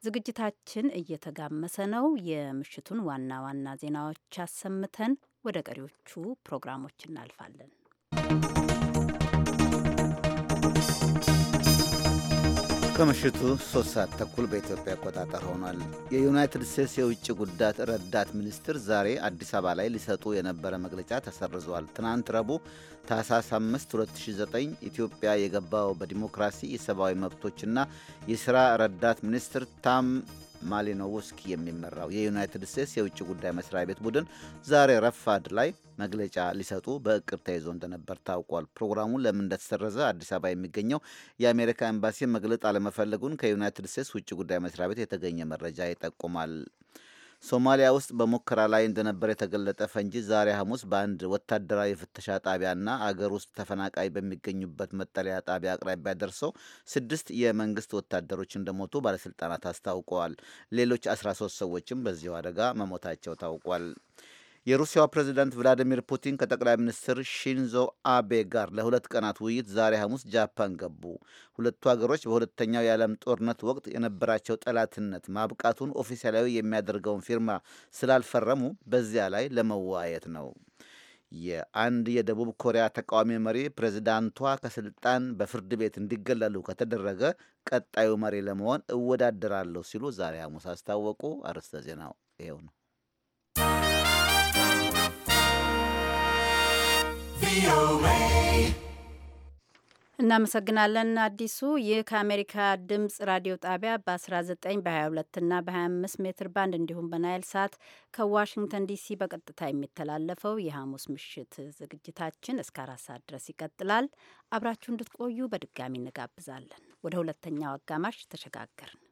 ዝግጅታችን እየተጋመሰ ነው። የምሽቱን ዋና ዋና ዜናዎች አሰምተን ወደ ቀሪዎቹ ፕሮግራሞች እናልፋለን። ከምሽቱ ሶስት ሰዓት ተኩል በኢትዮጵያ አቆጣጠር ሆኗል። የዩናይትድ ስቴትስ የውጭ ጉዳት ረዳት ሚኒስትር ዛሬ አዲስ አበባ ላይ ሊሰጡ የነበረ መግለጫ ተሰርዟል። ትናንት ረቡዕ ታህሳስ 5 2009 ኢትዮጵያ የገባው በዲሞክራሲ የሰብአዊ መብቶችና የሥራ ረዳት ሚኒስትር ታም ማሊኖውስኪ የሚመራው የዩናይትድ ስቴትስ የውጭ ጉዳይ መስሪያ ቤት ቡድን ዛሬ ረፋድ ላይ መግለጫ ሊሰጡ በእቅድ ተይዞ እንደነበር ታውቋል። ፕሮግራሙ ለምን እንደተሰረዘ አዲስ አበባ የሚገኘው የአሜሪካ ኤምባሲ መግለጥ አለመፈለጉን ከዩናይትድ ስቴትስ ውጭ ጉዳይ መስሪያ ቤት የተገኘ መረጃ ይጠቁማል። ሶማሊያ ውስጥ በሙከራ ላይ እንደነበር የተገለጠ ፈንጂ ዛሬ ሐሙስ በአንድ ወታደራዊ ፍተሻ ጣቢያና አገር ውስጥ ተፈናቃይ በሚገኙበት መጠለያ ጣቢያ አቅራቢያ ደርሰው ስድስት የመንግስት ወታደሮች እንደሞቱ ባለስልጣናት አስታውቀዋል። ሌሎች 13 ሰዎችም በዚሁ አደጋ መሞታቸው ታውቋል። የሩሲያው ፕሬዚዳንት ቭላዲሚር ፑቲን ከጠቅላይ ሚኒስትር ሺንዞ አቤ ጋር ለሁለት ቀናት ውይይት ዛሬ ሐሙስ ጃፓን ገቡ። ሁለቱ ሀገሮች በሁለተኛው የዓለም ጦርነት ወቅት የነበራቸው ጠላትነት ማብቃቱን ኦፊሴላዊ የሚያደርገውን ፊርማ ስላልፈረሙ በዚያ ላይ ለመወያየት ነው። የአንድ የደቡብ ኮሪያ ተቃዋሚ መሪ ፕሬዚዳንቷ ከስልጣን በፍርድ ቤት እንዲገለሉ ከተደረገ ቀጣዩ መሪ ለመሆን እወዳደራለሁ ሲሉ ዛሬ ሐሙስ አስታወቁ። አርዕስተ ዜናው ይኸው ነው። እናመሰግናለን አዲሱ። ይህ ከአሜሪካ ድምጽ ራዲዮ ጣቢያ በ19 በ22 እና በ25 ሜትር ባንድ እንዲሁም በናይል ሳት ከዋሽንግተን ዲሲ በቀጥታ የሚተላለፈው የሐሙስ ምሽት ዝግጅታችን እስከ አራት ሰዓት ድረስ ይቀጥላል። አብራችሁ እንድትቆዩ በድጋሚ እንጋብዛለን። ወደ ሁለተኛው አጋማሽ ተሸጋገርን።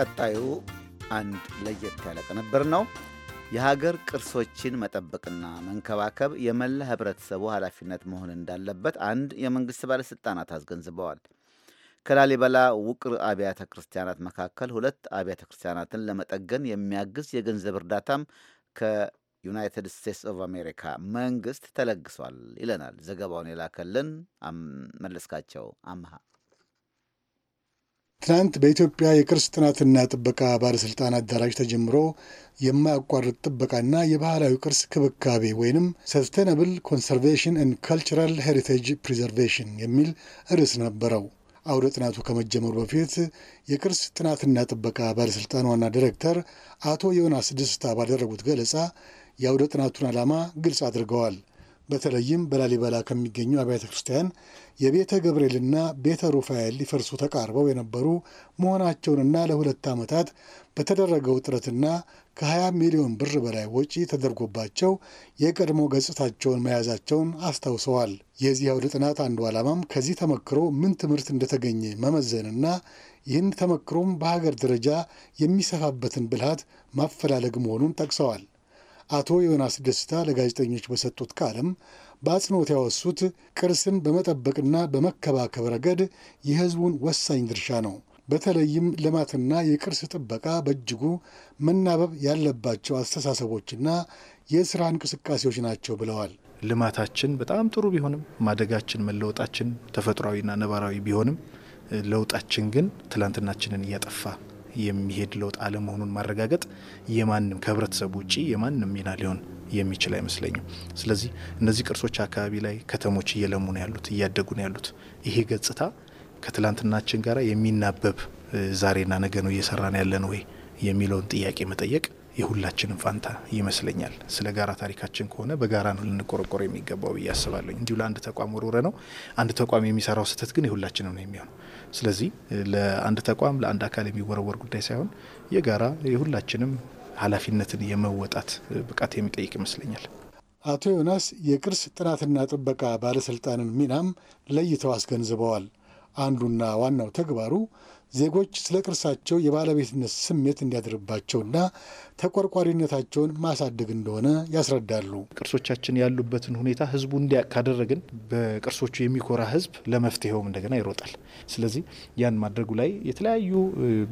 ቀጣዩ አንድ ለየት ያለ ቅንብር ነው። የሀገር ቅርሶችን መጠበቅና መንከባከብ የመላ ህብረተሰቡ ኃላፊነት መሆን እንዳለበት አንድ የመንግሥት ባለሥልጣናት አስገንዝበዋል። ከላሊበላ ውቅር አብያተ ክርስቲያናት መካከል ሁለት አብያተ ክርስቲያናትን ለመጠገን የሚያግዝ የገንዘብ እርዳታም ከዩናይትድ ስቴትስ ኦፍ አሜሪካ መንግሥት ተለግሷል ይለናል ዘገባውን የላከልን መለስካቸው አምሃ። ትናንት በኢትዮጵያ የቅርስ ጥናትና ጥበቃ ባለሥልጣን አዳራሽ ተጀምሮ የማያቋርጥ ጥበቃና የባህላዊ ቅርስ ክብካቤ ወይንም ሰስቴናብል ኮንሰርቬሽን ኤንድ ካልቸራል ሄሪቴጅ ፕሪዘርቬሽን የሚል ርዕስ ነበረው። አውደ ጥናቱ ከመጀመሩ በፊት የቅርስ ጥናትና ጥበቃ ባለሥልጣን ዋና ዲሬክተር አቶ ዮናስ ደስታ ባደረጉት ገለጻ የአውደ ጥናቱን ዓላማ ግልጽ አድርገዋል። በተለይም በላሊበላ ከሚገኙ አብያተ ክርስቲያን የቤተ ገብርኤልና ቤተ ሩፋኤል ሊፈርሱ ተቃርበው የነበሩ መሆናቸውንና ለሁለት ዓመታት በተደረገው ጥረትና ከ20 ሚሊዮን ብር በላይ ወጪ ተደርጎባቸው የቀድሞ ገጽታቸውን መያዛቸውን አስታውሰዋል። የዚህ አውደ ጥናት አንዱ ዓላማም ከዚህ ተመክሮ ምን ትምህርት እንደተገኘ መመዘንና ይህን ተመክሮም በሀገር ደረጃ የሚሰፋበትን ብልሃት ማፈላለግ መሆኑን ጠቅሰዋል። አቶ ዮናስ ደስታ ለጋዜጠኞች በሰጡት ቃልም በአጽንኦት ያወሱት ቅርስን በመጠበቅና በመከባከብ ረገድ የሕዝቡን ወሳኝ ድርሻ ነው። በተለይም ልማትና የቅርስ ጥበቃ በእጅጉ መናበብ ያለባቸው አስተሳሰቦችና የስራ እንቅስቃሴዎች ናቸው ብለዋል። ልማታችን በጣም ጥሩ ቢሆንም ማደጋችን፣ መለወጣችን ተፈጥሯዊና ነባራዊ ቢሆንም ለውጣችን ግን ትላንትናችንን እያጠፋ የሚሄድ ለውጥ አለመሆኑን ማረጋገጥ የማንም ከህብረተሰቡ ውጭ የማንም ሚና ሊሆን የሚችል አይመስለኝም። ስለዚህ እነዚህ ቅርሶች አካባቢ ላይ ከተሞች እየለሙ ነው ያሉት፣ እያደጉ ነው ያሉት። ይሄ ገጽታ ከትላንትናችን ጋር የሚናበብ ዛሬና ነገ ነው እየሰራን ያለን ወይ የሚለውን ጥያቄ መጠየቅ የሁላችንም ፋንታ ይመስለኛል። ስለ ጋራ ታሪካችን ከሆነ በጋራ ነው ልንቆረቆረ የሚገባው ብዬ አስባለሁ። እንዲሁ ለአንድ ተቋም ወርውረ ነው አንድ ተቋም የሚሰራው ስህተት ግን የሁላችንም ነው የሚሆነው። ስለዚህ ለአንድ ተቋም ለአንድ አካል የሚወረወር ጉዳይ ሳይሆን የጋራ የሁላችንም ኃላፊነትን የመወጣት ብቃት የሚጠይቅ ይመስለኛል። አቶ ዮናስ የቅርስ ጥናትና ጥበቃ ባለስልጣንን ሚናም ለይተው አስገንዝበዋል። አንዱና ዋናው ተግባሩ ዜጎች ስለ ቅርሳቸው የባለቤትነት ስሜት እንዲያድርባቸውና ተቆርቋሪነታቸውን ማሳደግ እንደሆነ ያስረዳሉ። ቅርሶቻችን ያሉበትን ሁኔታ ህዝቡ እንዲያውቅ ካደረግን በቅርሶቹ የሚኮራ ህዝብ ለመፍትሄውም እንደገና ይሮጣል። ስለዚህ ያን ማድረጉ ላይ የተለያዩ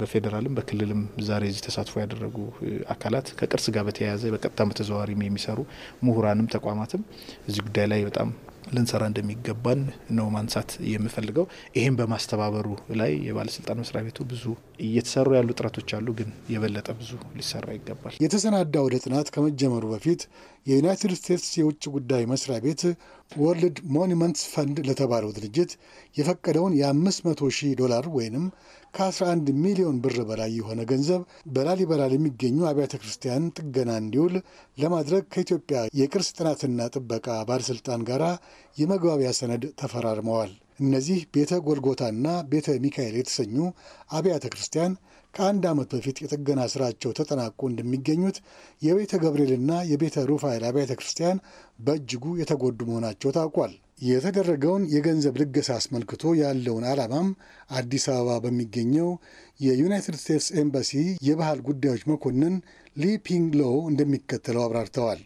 በፌዴራልም በክልልም ዛሬ እዚህ ተሳትፎ ያደረጉ አካላት ከቅርስ ጋር በተያያዘ በቀጥታም በተዘዋዋሪም የሚሰሩ ምሁራንም ተቋማትም እዚህ ጉዳይ ላይ በጣም ልንሰራ እንደሚገባን ነው ማንሳት የምፈልገው። ይሄን በማስተባበሩ ላይ የባለስልጣን መስሪያ ቤቱ ብዙ እየተሰሩ ያሉ ጥረቶች አሉ፣ ግን የበለጠ ብዙ ሊሰራ ይገባል። የተሰናዳ ወደ ጥናት ከመጀመሩ በፊት የዩናይትድ ስቴትስ የውጭ ጉዳይ መስሪያ ቤት ወርልድ ሞኒመንትስ ፈንድ ለተባለው ድርጅት የፈቀደውን የ500 ሺህ ዶላር ወይንም ከ11 ሚሊዮን ብር በላይ የሆነ ገንዘብ በላሊበላ የሚገኙ አብያተ ክርስቲያን ጥገና እንዲውል ለማድረግ ከኢትዮጵያ የቅርስ ጥናትና ጥበቃ ባለሥልጣን ጋር የመግባቢያ ሰነድ ተፈራርመዋል። እነዚህ ቤተ ጎልጎታና ቤተ ሚካኤል የተሰኙ አብያተ ክርስቲያን ከአንድ ዓመት በፊት የጥገና ስራቸው ተጠናቆ እንደሚገኙት የቤተ ገብርኤልና የቤተ ሩፋኤል አብያተ ክርስቲያን በእጅጉ የተጎዱ መሆናቸው ታውቋል። የተደረገውን የገንዘብ ልገሳ አስመልክቶ ያለውን ዓላማም አዲስ አበባ በሚገኘው የዩናይትድ ስቴትስ ኤምባሲ የባህል ጉዳዮች መኮንን ሊፒንግ ሎ እንደሚከተለው አብራርተዋል።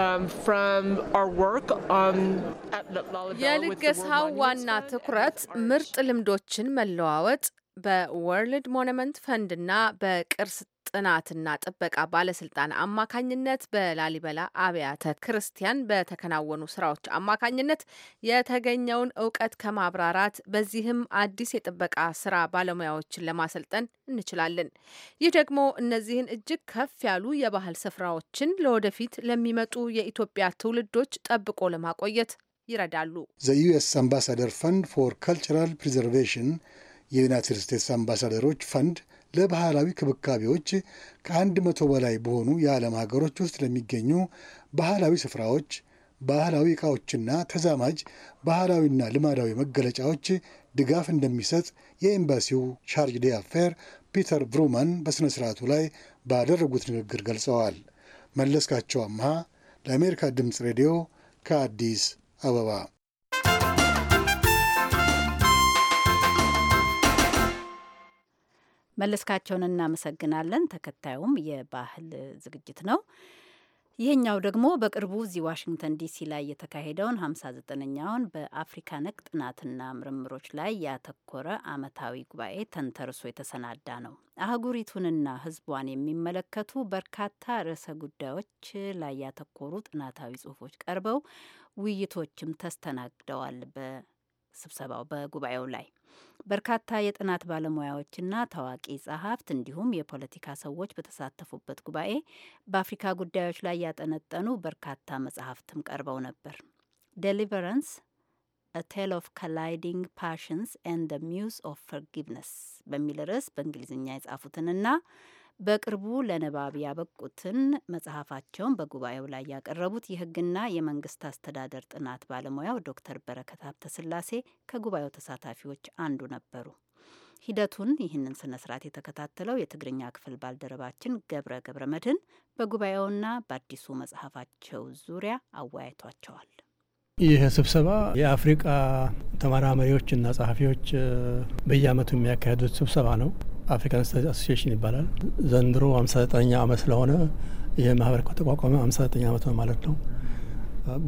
um, um, የልገሳው ዋና ትኩረት ምርጥ ልምዶችን መለዋወጥ በወርልድ ሞኑመንት ፈንድና በቅርስ ጥናትና ጥበቃ ባለስልጣን አማካኝነት በላሊበላ አብያተ ክርስቲያን በተከናወኑ ስራዎች አማካኝነት የተገኘውን እውቀት ከማብራራት በዚህም አዲስ የጥበቃ ስራ ባለሙያዎችን ለማሰልጠን እንችላለን። ይህ ደግሞ እነዚህን እጅግ ከፍ ያሉ የባህል ስፍራዎችን ለወደፊት ለሚመጡ የኢትዮጵያ ትውልዶች ጠብቆ ለማቆየት ይረዳሉ። ዘ ዩኤስ አምባሳደር ፈንድ ፎር ካልቸራል ፕሪዘርቬሽን የዩናይትድ ስቴትስ አምባሳደሮች ፈንድ ለባህላዊ ክብካቤዎች ከአንድ መቶ በላይ በሆኑ የዓለም ሀገሮች ውስጥ ለሚገኙ ባህላዊ ስፍራዎች፣ ባህላዊ ዕቃዎችና ተዛማጅ ባህላዊና ልማዳዊ መገለጫዎች ድጋፍ እንደሚሰጥ የኤምባሲው ቻርጅ አፌር ፒተር ብሩማን በሥነ ሥርዓቱ ላይ ባደረጉት ንግግር ገልጸዋል። መለስካቸው አምሃ ለአሜሪካ ድምፅ ሬዲዮ ከአዲስ አበባ መለስካቸውን እናመሰግናለን። ተከታዩም የባህል ዝግጅት ነው። ይህኛው ደግሞ በቅርቡ እዚህ ዋሽንግተን ዲሲ ላይ የተካሄደውን 59ኛውን በአፍሪካ ነክ ጥናትና ምርምሮች ላይ ያተኮረ ዓመታዊ ጉባኤ ተንተርሶ የተሰናዳ ነው። አህጉሪቱንና ሕዝቧን የሚመለከቱ በርካታ ርዕሰ ጉዳዮች ላይ ያተኮሩ ጥናታዊ ጽሁፎች ቀርበው ውይይቶችም ተስተናግደዋል። ስብሰባው በጉባኤው ላይ በርካታ የጥናት ባለሙያዎችና ታዋቂ ጸሐፍት እንዲሁም የፖለቲካ ሰዎች በተሳተፉበት ጉባኤ በአፍሪካ ጉዳዮች ላይ ያጠነጠኑ በርካታ መጽሐፍትም ቀርበው ነበር። ዴሊቨረንስ አ ቴል ኦፍ ኮላይዲንግ ፓሽንስ ኤንድ ሚውስ ኦፍ ፎርጊቭነስ በሚል ርዕስ በእንግሊዝኛ የጻፉትንና በቅርቡ ለንባብ ያበቁትን መጽሐፋቸውን በጉባኤው ላይ ያቀረቡት የሕግና የመንግስት አስተዳደር ጥናት ባለሙያው ዶክተር በረከት ሀብተስላሴ ከጉባኤው ተሳታፊዎች አንዱ ነበሩ። ሂደቱን ይህንን ስነ ስርዓት የተከታተለው የትግርኛ ክፍል ባልደረባችን ገብረ ገብረ መድህን በጉባኤውና በአዲሱ መጽሐፋቸው ዙሪያ አወያይቷቸዋል። ይህ ስብሰባ የአፍሪቃ ተመራማሪዎችና ጸሐፊዎች በየአመቱ የሚያካሄዱት ስብሰባ ነው። አፍሪካን ስታዲስ አሶሲሽን ይባላል። ዘንድሮ 59ኛ ዓመት ስለሆነ ይህ ማህበር ከተቋቋመ 59ኛ ዓመት ነው ማለት ነው።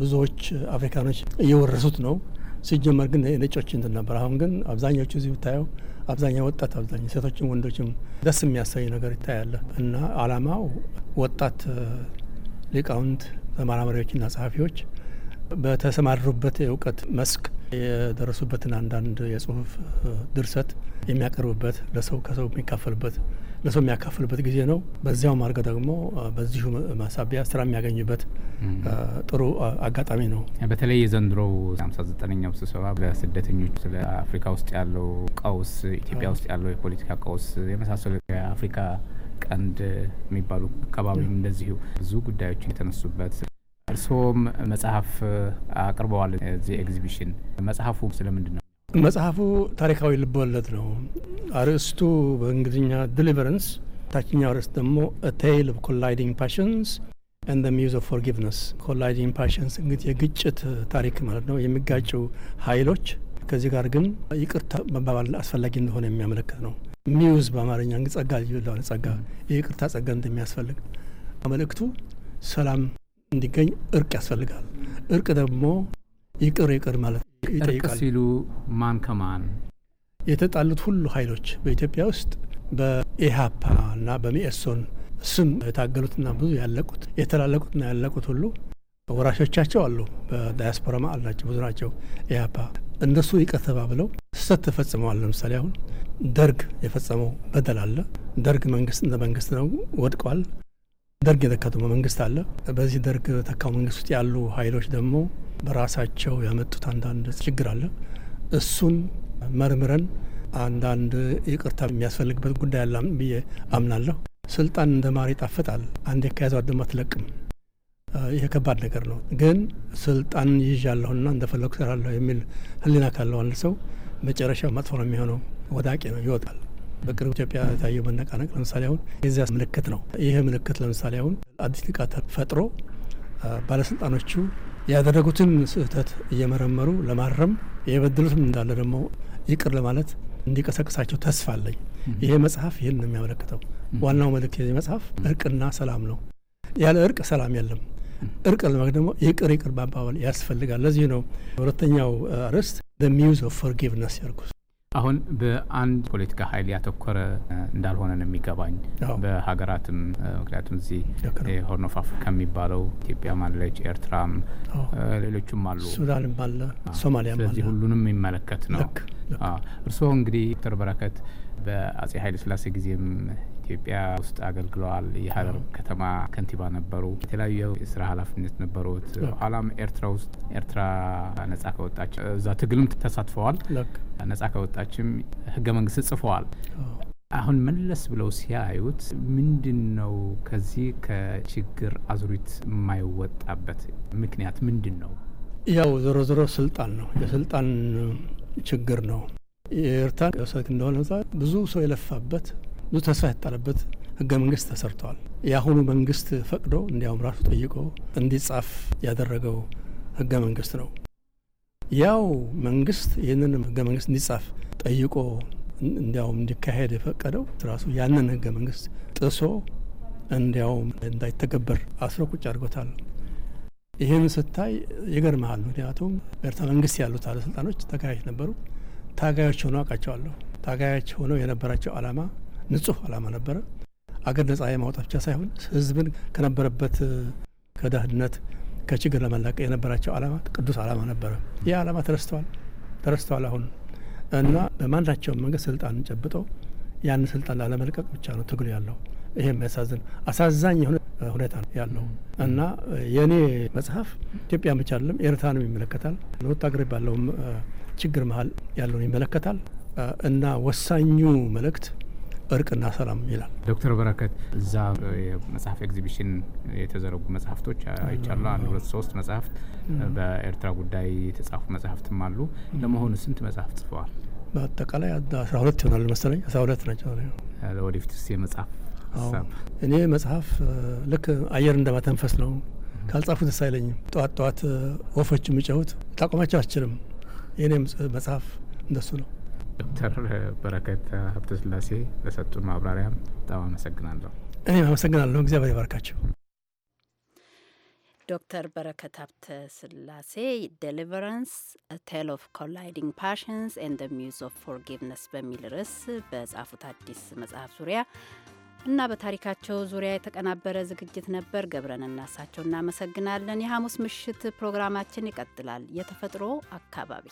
ብዙዎች አፍሪካኖች እየወረሱት ነው። ሲጀመር ግን ነጮች እንትን ነበር። አሁን ግን አብዛኛዎቹ እዚህ ብታየው አብዛኛው ወጣት አብዛኛ ሴቶችም ወንዶችም ደስ የሚያሳይ ነገር ይታያለ እና አላማው ወጣት ሊቃውንት ተመራማሪዎችና ጸሐፊዎች በተሰማሩበት የእውቀት መስክ የደረሱበትን አንዳንድ የጽሁፍ ድርሰት የሚያቀርብበት ለሰው ከሰው የሚካፈልበት ለሰው የሚያካፍልበት ጊዜ ነው። በዚያው ማርገ ደግሞ በዚሁ ማሳቢያ ስራ የሚያገኝበት ጥሩ አጋጣሚ ነው። በተለይ የዘንድሮው ሃምሳ ዘጠነኛው ስብሰባ ለስደተኞች ስለ አፍሪካ ውስጥ ያለው ቀውስ፣ ኢትዮጵያ ውስጥ ያለው የፖለቲካ ቀውስ የመሳሰሉ የአፍሪካ ቀንድ የሚባሉ አካባቢም እንደዚሁ ብዙ ጉዳዮች የተነሱበት እርስዎም መጽሐፍ አቅርበዋል እዚህ ኤግዚቢሽን። መጽሐፉ ስለምንድን ነው? መጽሐፉ ታሪካዊ ልብወለድ ነው። አርእስቱ በእንግሊዝኛ ዲሊቨረንስ፣ ታችኛው ርዕስ ደግሞ ቴይል ኦፍ ኮላይዲንግ ፓሽንስ ኤንድ ሚውዝ ኦፍ ፎርጊቭነስ። ኮላይዲንግ ፓሽንስ እንግዲህ የግጭት ታሪክ ማለት ነው፣ የሚጋጩ ኃይሎች ከዚህ ጋር ግን ይቅርታ መባባል አስፈላጊ እንደሆነ የሚያመለክት ነው። ሚውዝ በአማርኛ እንግዲህ ጸጋ፣ ጸጋ፣ ይቅርታ ጸጋ እንደሚያስፈልግ መልእክቱ ሰላም እንዲገኝ እርቅ ያስፈልጋል። እርቅ ደግሞ ይቅር ይቅር ማለት ይጠይቃል። ሲሉ ማን ከማን የተጣሉት ሁሉ ኃይሎች በኢትዮጵያ ውስጥ በኢህአፓ እና በሚኤሶን ስም የታገሉትና ብዙ ያለቁት የተላለቁትና ያለቁት ሁሉ ወራሾቻቸው አሉ። በዳያስፖራ ማዕል ናቸው፣ ብዙ ናቸው። ኢህአፓ እነሱ ይቅር ተባብለው ስህተት ተፈጽመዋል። ለምሳሌ አሁን ደርግ የፈጸመው በደል አለ። ደርግ መንግስት እንደ መንግስት ነው፣ ወድቋል። ደርግ የተከተመ መንግስት አለ። በዚህ ደርግ ተካው መንግስት ውስጥ ያሉ ሀይሎች ደግሞ በራሳቸው ያመጡት አንዳንድ ችግር አለ። እሱን መርምረን አንዳንድ ይቅርታ የሚያስፈልግበት ጉዳይ አለ ብዬ አምናለሁ። ስልጣን እንደ ማር ይጣፍጣል። አንዴ ከያዘው ደግሞ አትለቅም። ይህ ከባድ ነገር ነው። ግን ስልጣን ይዣለሁና እንደፈለጉ ሰራለሁ የሚል ህሊና ካለው አንድ ሰው መጨረሻው መጥፎ ነው የሚሆነው። ወዳቂ ነው፣ ይወጣል። በቅርብ ኢትዮጵያ የታየው መነቃነቅ ለምሳሌ አሁን የዚያ ምልክት ነው። ይህ ምልክት ለምሳሌ አሁን አዲስ ንቃት ፈጥሮ ባለስልጣኖቹ ያደረጉትን ስህተት እየመረመሩ ለማረም የበደሉትም እንዳለ ደግሞ ይቅር ለማለት እንዲቀሰቅሳቸው ተስፋ አለኝ። ይሄ መጽሐፍ ይህን ነው የሚያመለክተው። ዋናው መልእክት የዚህ መጽሐፍ እርቅና ሰላም ነው። ያለ እርቅ ሰላም የለም። እርቅ ለማግ ደግሞ ይቅር ይቅር ባባባል ያስፈልጋል። ለዚህ ነው ሁለተኛው ርዕስ ሚውዝ ኦፍ ፎርጊቭነስ ያልኩት። አሁን በአንድ ፖለቲካ ኃይል ያተኮረ እንዳልሆነ ነው የሚገባኝ። በሀገራትም ምክንያቱም እዚህ ሆርን ኦፍ አፍሪካ የሚባለው ኢትዮጵያም አለች፣ ኤርትራም፣ ሌሎችም አሉ፣ ሱዳንም አለ፣ ሶማሊያም አለ። ስለዚህ ሁሉንም የሚመለከት ነው። እርስዎ እንግዲህ ዶክተር በረከት በአጼ ኃይለ ስላሴ ጊዜም ኢትዮጵያ ውስጥ አገልግለዋል። የሀረር ከተማ ከንቲባ ነበሩ። የተለያዩ የስራ ኃላፊነት ነበሩት። ኋላም ኤርትራ ውስጥ ኤርትራ ነጻ ከወጣች እዛ ትግልም ተሳትፈዋል። ነጻ ከወጣችም ህገ መንግስት ጽፈዋል። አሁን መለስ ብለው ሲያዩት ምንድን ነው ከዚህ ከችግር አዙሪት የማይወጣበት ምክንያት ምንድን ነው? ያው ዞሮ ዞሮ ስልጣን ነው፣ የስልጣን ችግር ነው። የኤርትራ ሰክ እንደሆነ ብዙ ሰው የለፋበት ብዙ ተስፋ የተጣለበት ህገ መንግስት ተሰርተዋል። የአሁኑ መንግስት ፈቅዶ እንዲያውም ራሱ ጠይቆ እንዲጻፍ ያደረገው ህገ መንግስት ነው። ያው መንግስት ይህንን ህገ መንግስት እንዲጻፍ ጠይቆ እንዲያውም እንዲካሄድ የፈቀደው ራሱ ያንን ህገ መንግስት ጥሶ እንዲያውም እንዳይተገበር አስሮ ቁጭ አድርጎታል። ይህን ስታይ ይገርመሃል። ምክንያቱም በኤርትራ መንግስት ያሉት ባለስልጣኖች ታጋዮች ነበሩ። ታጋዮች ሆነው አውቃቸዋለሁ። ታጋዮች ሆነው የነበራቸው አላማ ንጹህ ዓላማ ነበረ። አገር ነጻ የማውጣት ብቻ ሳይሆን ህዝብን ከነበረበት ከድህነት ከችግር ለመላቀቅ የነበራቸው አላማ ቅዱስ አላማ ነበረ። ይህ አላማ ተረስተዋል ተረስተዋል አሁን እና በማናቸውም መንገድ ስልጣን ጨብጠው ያን ስልጣን ላለመልቀቅ ብቻ ነው ትግሉ ያለው። ይሄ የሚያሳዝን አሳዛኝ የሆነ ሁኔታ ነው ያለው እና የእኔ መጽሐፍ ኢትዮጵያ ብቻ አይደለም ኤርትራንም ይመለከታል። ለወታገር ባለው ችግር መሀል ያለውን ይመለከታል እና ወሳኙ መልእክት እርቅና ሰላም ይላል። ዶክተር በረከት እዛ የመጽሐፍ ኤግዚቢሽን የተዘረጉ መጽሐፍቶች አይቻሉ። አንድ ሁለት ሶስት መጽሐፍት በኤርትራ ጉዳይ የተጻፉ መጽሐፍትም አሉ። ለመሆኑ ስንት መጽሐፍ ጽፈዋል? በአጠቃላይ አስራ ሁለት ይሆናል መሰለኝ። አስራ ሁለት ናቸው። ለወደፊት ስ የመጽሐፍ እኔ መጽሐፍ ልክ አየር እንደማተንፈስ ነው። ካልጻፉ ደስ አይለኝም። ጠዋት ጠዋት ወፎች የሚጨሁት ታቆማቸው አችልም። የኔ መጽሐፍ እንደሱ ነው። ዶክተር በረከት ስላሴ ለሰጡን ማብራሪያ በጣም አመሰግናለሁ። እኔም አመሰግናለሁ። እግዚአብሔር ይባርካቸው። ዶክተር በረከት ሀብተ ስላሴ ዴሊቨራንስ ቴል ኦፍ ኮላይዲንግ ፓሽንስ ኤንድ ዘ ሚውዝ ኦፍ ፎርጊቭነስ በሚል ርዕስ በጻፉት አዲስ መጽሐፍ ዙሪያ እና በታሪካቸው ዙሪያ የተቀናበረ ዝግጅት ነበር። ገብረን እናሳቸው እናመሰግናለን። የሐሙስ ምሽት ፕሮግራማችን ይቀጥላል። የተፈጥሮ አካባቢ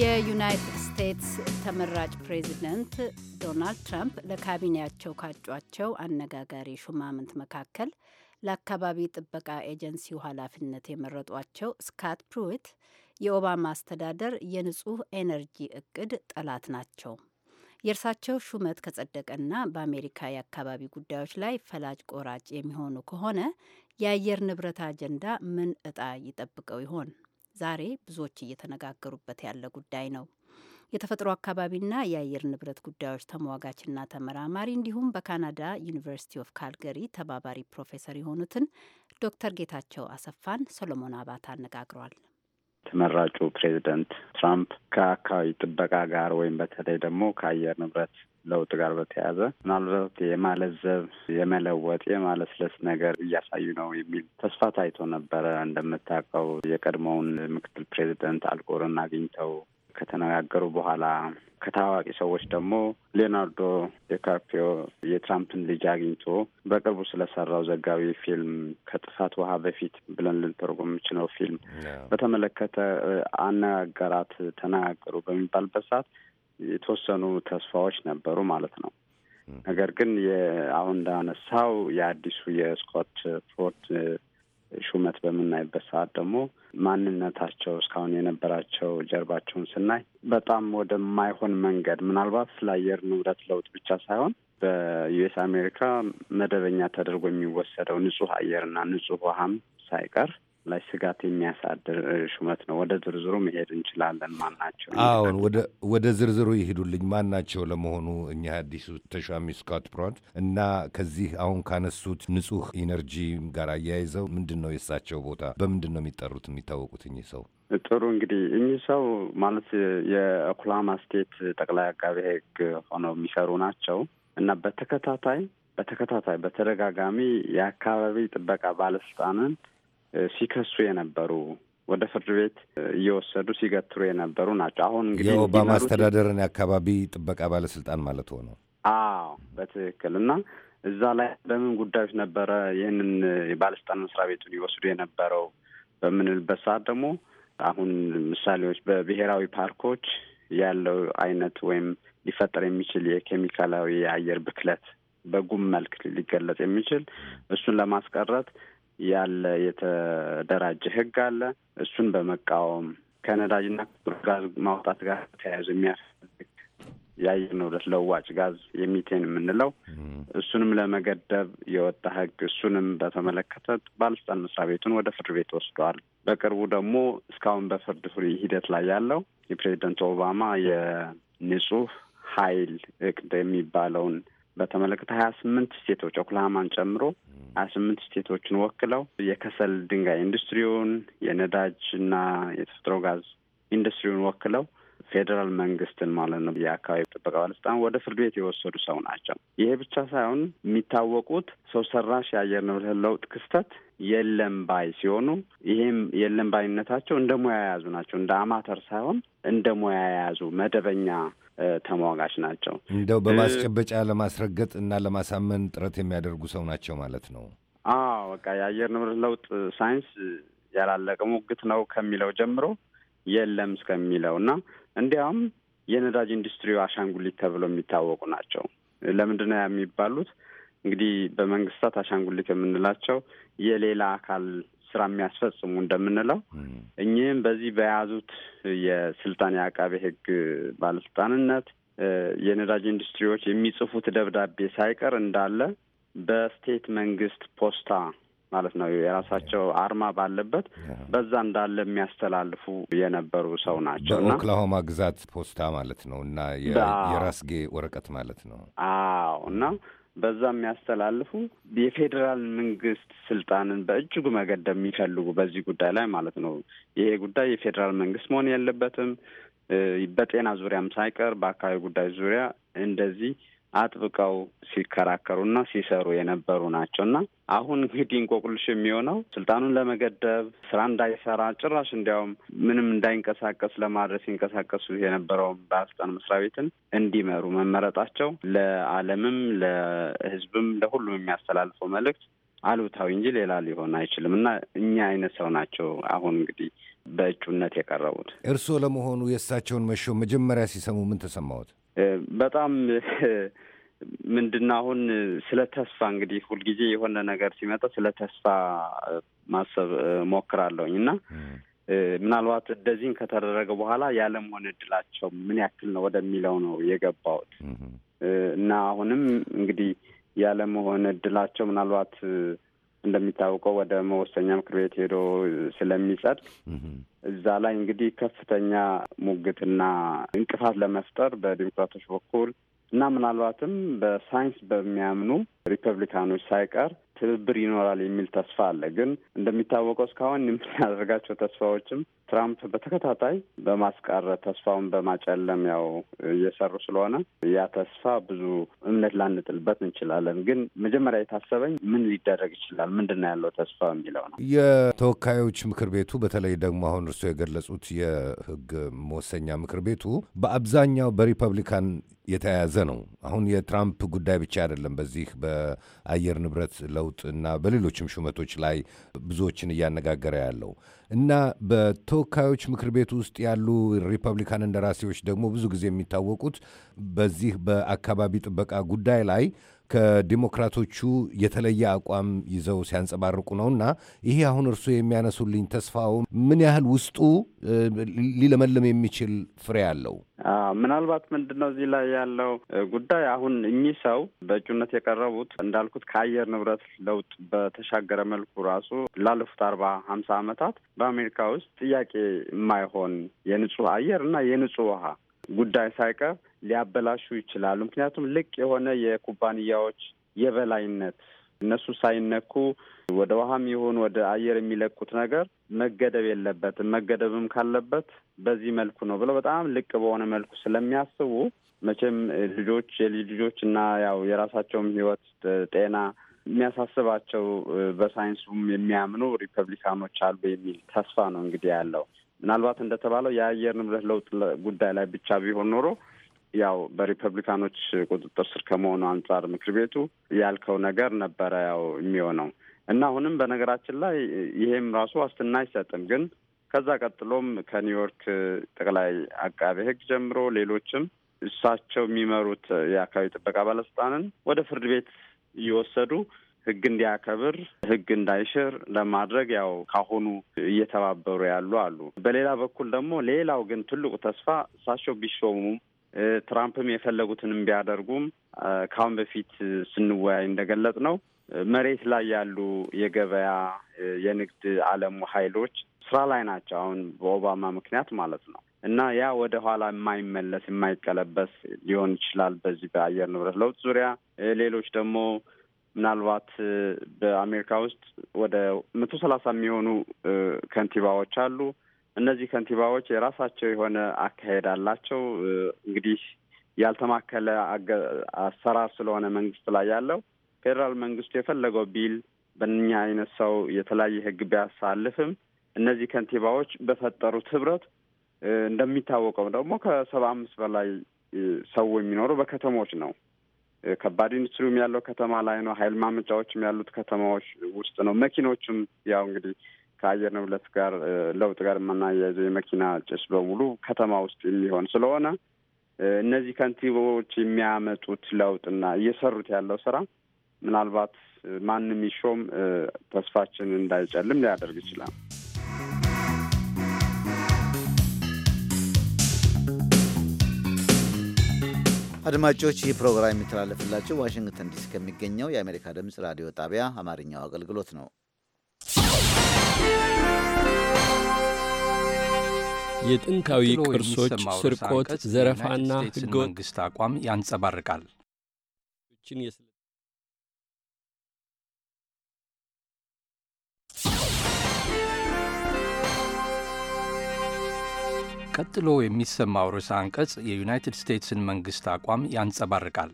የዩናይትድ ስቴትስ ተመራጭ ፕሬዚደንት ዶናልድ ትራምፕ ለካቢኔያቸው ካጯቸው አነጋጋሪ ሹማምንት መካከል ለአካባቢ ጥበቃ ኤጀንሲው ኃላፊነት የመረጧቸው ስካት ፕሩዊት የኦባማ አስተዳደር የንጹህ ኤነርጂ እቅድ ጠላት ናቸው። የእርሳቸው ሹመት ከጸደቀና በአሜሪካ የአካባቢ ጉዳዮች ላይ ፈላጭ ቆራጭ የሚሆኑ ከሆነ የአየር ንብረት አጀንዳ ምን እጣ ይጠብቀው ይሆን? ዛሬ ብዙዎች እየተነጋገሩበት ያለ ጉዳይ ነው። የተፈጥሮ አካባቢና የአየር ንብረት ጉዳዮች ተሟጋችና ተመራማሪ እንዲሁም በካናዳ ዩኒቨርሲቲ ኦፍ ካልገሪ ተባባሪ ፕሮፌሰር የሆኑትን ዶክተር ጌታቸው አሰፋን ሰሎሞን አባት አነጋግሯል። ተመራጩ ፕሬዚደንት ትራምፕ ከአካባቢ ጥበቃ ጋር ወይም በተለይ ደግሞ ከአየር ንብረት ለውጥ ጋር በተያያዘ ምናልባት የማለዘብ የመለወጥ የማለስለስ ነገር እያሳዩ ነው የሚል ተስፋ ታይቶ ነበረ። እንደምታውቀው የቀድሞውን ምክትል ፕሬዚደንት አልጎርን አግኝተው ከተነጋገሩ በኋላ ከታዋቂ ሰዎች ደግሞ ሌናርዶ ዲካፕሪዮ የትራምፕን ልጅ አግኝቶ በቅርቡ ስለሰራው ዘጋቢ ፊልም ከጥፋት ውሃ በፊት ብለን ልንተርጎም የምችለው ፊልም በተመለከተ አነጋገራት፣ ተነጋገሩ በሚባልበት ሰዓት የተወሰኑ ተስፋዎች ነበሩ ማለት ነው። ነገር ግን አሁን እንዳነሳው የአዲሱ የስኮት ፎርድ ሹመት በምናይበት ሰዓት ደግሞ ማንነታቸው እስካሁን የነበራቸው ጀርባቸውን ስናይ በጣም ወደማይሆን መንገድ ምናልባት ስለ አየር ንብረት ለውጥ ብቻ ሳይሆን በዩኤስ አሜሪካ መደበኛ ተደርጎ የሚወሰደው ንጹህ አየርና ንጹህ ውሃም ሳይቀር ላይ ስጋት የሚያሳድር ሹመት ነው። ወደ ዝርዝሩ መሄድ እንችላለን። ማን ናቸው? አዎን፣ ወደ ዝርዝሩ ይሄዱልኝ። ማን ናቸው ለመሆኑ እኚህ አዲሱ ተሿሚ ስኮት ብሮድ እና ከዚህ አሁን ካነሱት ንጹህ ኢነርጂ ጋር አያይዘው ምንድን ነው የእሳቸው ቦታ? በምንድን ነው የሚጠሩት የሚታወቁት እኚህ ሰው? ጥሩ እንግዲህ እኚህ ሰው ማለት የኦክላማ ስቴት ጠቅላይ አቃቤ ሕግ ሆነው የሚሰሩ ናቸው እና በተከታታይ በተከታታይ በተደጋጋሚ የአካባቢ ጥበቃ ባለስልጣንን ሲከሱ የነበሩ ወደ ፍርድ ቤት እየወሰዱ ሲገትሩ የነበሩ ናቸው። አሁን እንግዲህ የኦባማ አስተዳደርን የአካባቢ ጥበቃ ባለስልጣን ማለት ሆነው። አዎ በትክክል እና እዛ ላይ በምን ጉዳዮች ነበረ ይህንን የባለስልጣን መስሪያ ቤቱን ይወስዱ የነበረው በምንልበት ሰዓት ደግሞ አሁን ምሳሌዎች በብሔራዊ ፓርኮች ያለው አይነት ወይም ሊፈጠር የሚችል የኬሚካላዊ የአየር ብክለት በጉም መልክ ሊገለጽ የሚችል እሱን ለማስቀረት ያለ የተደራጀ ህግ አለ። እሱን በመቃወም ከነዳጅና ጋዝ ማውጣት ጋር ተያያዙ የሚያስፈልግ የአየር ንብረት ለዋጭ ጋዝ የሚቴን የምንለው እሱንም ለመገደብ የወጣ ህግ፣ እሱንም በተመለከተ ባለስልጣን መስሪያ ቤቱን ወደ ፍርድ ቤት ወስደዋል። በቅርቡ ደግሞ እስካሁን በፍርድ ሂደት ላይ ያለው የፕሬዚደንት ኦባማ የንጹህ ኃይል እቅድ የሚባለውን በተመለከተ ሀያ ስምንት ስቴቶች ኦክላሃማን ጨምሮ ሀያ ስምንት ስቴቶችን ወክለው የከሰል ድንጋይ ኢንዱስትሪውን የነዳጅ እና የተፈጥሮ ጋዝ ኢንዱስትሪውን ወክለው ፌዴራል መንግስትን ማለት ነው የአካባቢ ጥበቃ ባለስልጣን ወደ ፍርድ ቤት የወሰዱ ሰው ናቸው። ይሄ ብቻ ሳይሆን የሚታወቁት ሰው ሰራሽ የአየር ንብረት ለውጥ ክስተት የለም ባይ ሲሆኑ ይሄም የለም ባይነታቸው እንደ ሙያ የያዙ ናቸው። እንደ አማተር ሳይሆን እንደ ሙያ የያዙ መደበኛ ተሟጋች ናቸው። እንደው በማስጨበጫ ለማስረገጥ እና ለማሳመን ጥረት የሚያደርጉ ሰው ናቸው ማለት ነው። አዎ በቃ የአየር ንብረት ለውጥ ሳይንስ ያላለቀ ሙግት ነው ከሚለው ጀምሮ የለም እስከሚለው እና እንዲያውም የነዳጅ ኢንዱስትሪ አሻንጉሊት ተብሎ የሚታወቁ ናቸው። ለምንድን ነው የሚባሉት? እንግዲህ በመንግስታት አሻንጉሊት የምንላቸው የሌላ አካል ስራ የሚያስፈጽሙ እንደምንለው እኚህም በዚህ በያዙት የስልጣን የአቃቤ ሕግ ባለስልጣንነት የነዳጅ ኢንዱስትሪዎች የሚጽፉት ደብዳቤ ሳይቀር እንዳለ በስቴት መንግስት ፖስታ ማለት ነው የራሳቸው አርማ ባለበት በዛ እንዳለ የሚያስተላልፉ የነበሩ ሰው ናቸው። በኦክላሆማ ግዛት ፖስታ ማለት ነው እና የራስጌ ወረቀት ማለት ነው። አዎ እና በዛ የሚያስተላልፉ የፌዴራል መንግስት ስልጣንን በእጅጉ መገደብ የሚፈልጉ በዚህ ጉዳይ ላይ ማለት ነው። ይሄ ጉዳይ የፌዴራል መንግስት መሆን የለበትም። በጤና ዙሪያም ሳይቀር በአካባቢ ጉዳይ ዙሪያ እንደዚህ አጥብቀው ሲከራከሩና ሲሰሩ የነበሩ ናቸው እና አሁን እንግዲህ እንቆቅልሽ የሚሆነው ስልጣኑን ለመገደብ ስራ እንዳይሰራ ጭራሽ እንዲያውም ምንም እንዳይንቀሳቀስ ለማድረግ ሲንቀሳቀሱ የነበረውን ባለስልጣን መስሪያ ቤትን እንዲመሩ መመረጣቸው ለዓለምም ለሕዝብም ለሁሉም የሚያስተላልፈው መልእክት አሉታዊ እንጂ ሌላ ሊሆን አይችልም እና እኛ አይነት ሰው ናቸው አሁን እንግዲህ በእጩነት የቀረቡት። እርስዎ ለመሆኑ የእሳቸውን መሾም መጀመሪያ ሲሰሙ ምን ተሰማዎት? በጣም ምንድን አሁን ስለ ተስፋ እንግዲህ ሁልጊዜ የሆነ ነገር ሲመጣ ስለ ተስፋ ማሰብ ሞክራለሁኝ እና ምናልባት እንደዚህን ከተደረገ በኋላ ያለመሆን እድላቸው ምን ያክል ነው ወደሚለው ነው የገባሁት እና አሁንም እንግዲህ ያለመሆን እድላቸው ምናልባት እንደሚታወቀው ወደ መወሰኛ ምክር ቤት ሄዶ ስለሚጸድቅ እዛ ላይ እንግዲህ ከፍተኛ ሙግትና እንቅፋት ለመፍጠር በዲሞክራቶች በኩል እና ምናልባትም በሳይንስ በሚያምኑ ሪፐብሊካኖች ሳይቀር ትብብር ይኖራል የሚል ተስፋ አለ። ግን እንደሚታወቀው እስካሁን የምናደርጋቸው ተስፋዎችም ትራምፕ በተከታታይ በማስቃረት ተስፋውን በማጨለም ያው እየሰሩ ስለሆነ ያ ተስፋ ብዙ እምነት ላንጥልበት እንችላለን። ግን መጀመሪያ የታሰበኝ ምን ሊደረግ ይችላል፣ ምንድን ነው ያለው ተስፋ የሚለው ነው። የተወካዮች ምክር ቤቱ በተለይ ደግሞ አሁን እርስዎ የገለጹት የህግ መወሰኛ ምክር ቤቱ በአብዛኛው በሪፐብሊካን የተያያዘ ነው። አሁን የትራምፕ ጉዳይ ብቻ አይደለም። በዚህ በአየር ንብረት ለውጥ እና በሌሎችም ሹመቶች ላይ ብዙዎችን እያነጋገረ ያለው እና በተወካዮች ምክር ቤት ውስጥ ያሉ ሪፐብሊካን እንደራሴዎች ደግሞ ብዙ ጊዜ የሚታወቁት በዚህ በአካባቢ ጥበቃ ጉዳይ ላይ ከዲሞክራቶቹ የተለየ አቋም ይዘው ሲያንጸባርቁ እና ይሄ አሁን እርሱ የሚያነሱልኝ ተስፋው ምን ያህል ውስጡ ሊለመልም የሚችል ፍሬ አለው? ምናልባት ምንድን ነው እዚህ ላይ ያለው ጉዳይ አሁን እኚህ ሰው በእጩነት የቀረቡት እንዳልኩት ከአየር ንብረት ለውጥ በተሻገረ መልኩ ራሱ ላለፉት አርባ ሀምሳ ዓመታት በአሜሪካ ውስጥ ጥያቄ የማይሆን የንጹህ አየር እና የንጹህ ውሃ ጉዳይ ሳይቀር ሊያበላሹ ይችላሉ። ምክንያቱም ልቅ የሆነ የኩባንያዎች የበላይነት እነሱ ሳይነኩ ወደ ውሃም ይሁን ወደ አየር የሚለቁት ነገር መገደብ የለበትም። መገደብም ካለበት በዚህ መልኩ ነው ብለው በጣም ልቅ በሆነ መልኩ ስለሚያስቡ መቼም ልጆች የልጅ ልጆች እና ያው የራሳቸውም ህይወት ጤና የሚያሳስባቸው በሳይንሱም የሚያምኑ ሪፐብሊካኖች አሉ የሚል ተስፋ ነው እንግዲህ ያለው። ምናልባት እንደተባለው የአየር ንብረት ለውጥ ጉዳይ ላይ ብቻ ቢሆን ኖሮ ያው በሪፐብሊካኖች ቁጥጥር ስር ከመሆኑ አንጻር ምክር ቤቱ ያልከው ነገር ነበረ ያው የሚሆነው እና አሁንም በነገራችን ላይ ይሄም ራሱ ዋስትና አይሰጥም። ግን ከዛ ቀጥሎም ከኒውዮርክ ጠቅላይ አቃቤ ሕግ ጀምሮ ሌሎችም እሳቸው የሚመሩት የአካባቢ ጥበቃ ባለስልጣንን ወደ ፍርድ ቤት እየወሰዱ ህግ እንዲያከብር ህግ እንዳይሽር ለማድረግ ያው ካሁኑ እየተባበሩ ያሉ አሉ። በሌላ በኩል ደግሞ ሌላው ግን ትልቁ ተስፋ እሳቸው ቢሾሙም ትራምፕም የፈለጉትን ቢያደርጉም ከአሁን በፊት ስንወያይ እንደገለጽ ነው መሬት ላይ ያሉ የገበያ የንግድ ዓለሙ ኃይሎች ስራ ላይ ናቸው። አሁን በኦባማ ምክንያት ማለት ነው። እና ያ ወደ ኋላ የማይመለስ የማይቀለበስ ሊሆን ይችላል። በዚህ በአየር ንብረት ለውጥ ዙሪያ ሌሎች ደግሞ ምናልባት በአሜሪካ ውስጥ ወደ መቶ ሰላሳ የሚሆኑ ከንቲባዎች አሉ። እነዚህ ከንቲባዎች የራሳቸው የሆነ አካሄድ አላቸው። እንግዲህ ያልተማከለ አሰራር ስለሆነ መንግስት ላይ ያለው ፌዴራል መንግስቱ የፈለገው ቢል በእኛ አይነት ሰው የተለያየ ህግ ቢያሳልፍም እነዚህ ከንቲባዎች በፈጠሩት ህብረት እንደሚታወቀው ደግሞ ከሰባ አምስት በላይ ሰው የሚኖሩ በከተሞች ነው። ከባድ ኢንዱስትሪውም ያለው ከተማ ላይ ነው። ኃይል ማመንጫዎችም ያሉት ከተማዎች ውስጥ ነው። መኪኖቹም ያው እንግዲህ ከአየር ንብረት ጋር ለውጥ ጋር የምናያይዘው የመኪና ጭስ በሙሉ ከተማ ውስጥ የሚሆን ስለሆነ እነዚህ ከንቲቦች የሚያመጡት ለውጥና እየሰሩት ያለው ስራ ምናልባት ማንም ይሾም ተስፋችን እንዳይጨልም ሊያደርግ ይችላል። አድማጮች ይህ ፕሮግራም የሚተላለፍላቸው ዋሽንግተን ዲሲ ከሚገኘው የአሜሪካ ድምፅ ራዲዮ ጣቢያ አማርኛው አገልግሎት ነው። የጥንታዊ ቅርሶች ስርቆት፣ ዘረፋና ህገወጥ መንግስት አቋም ያንጸባርቃል። ቀጥሎ የሚሰማው ርዕሰ አንቀጽ የዩናይትድ ስቴትስን መንግሥት አቋም ያንጸባርቃል።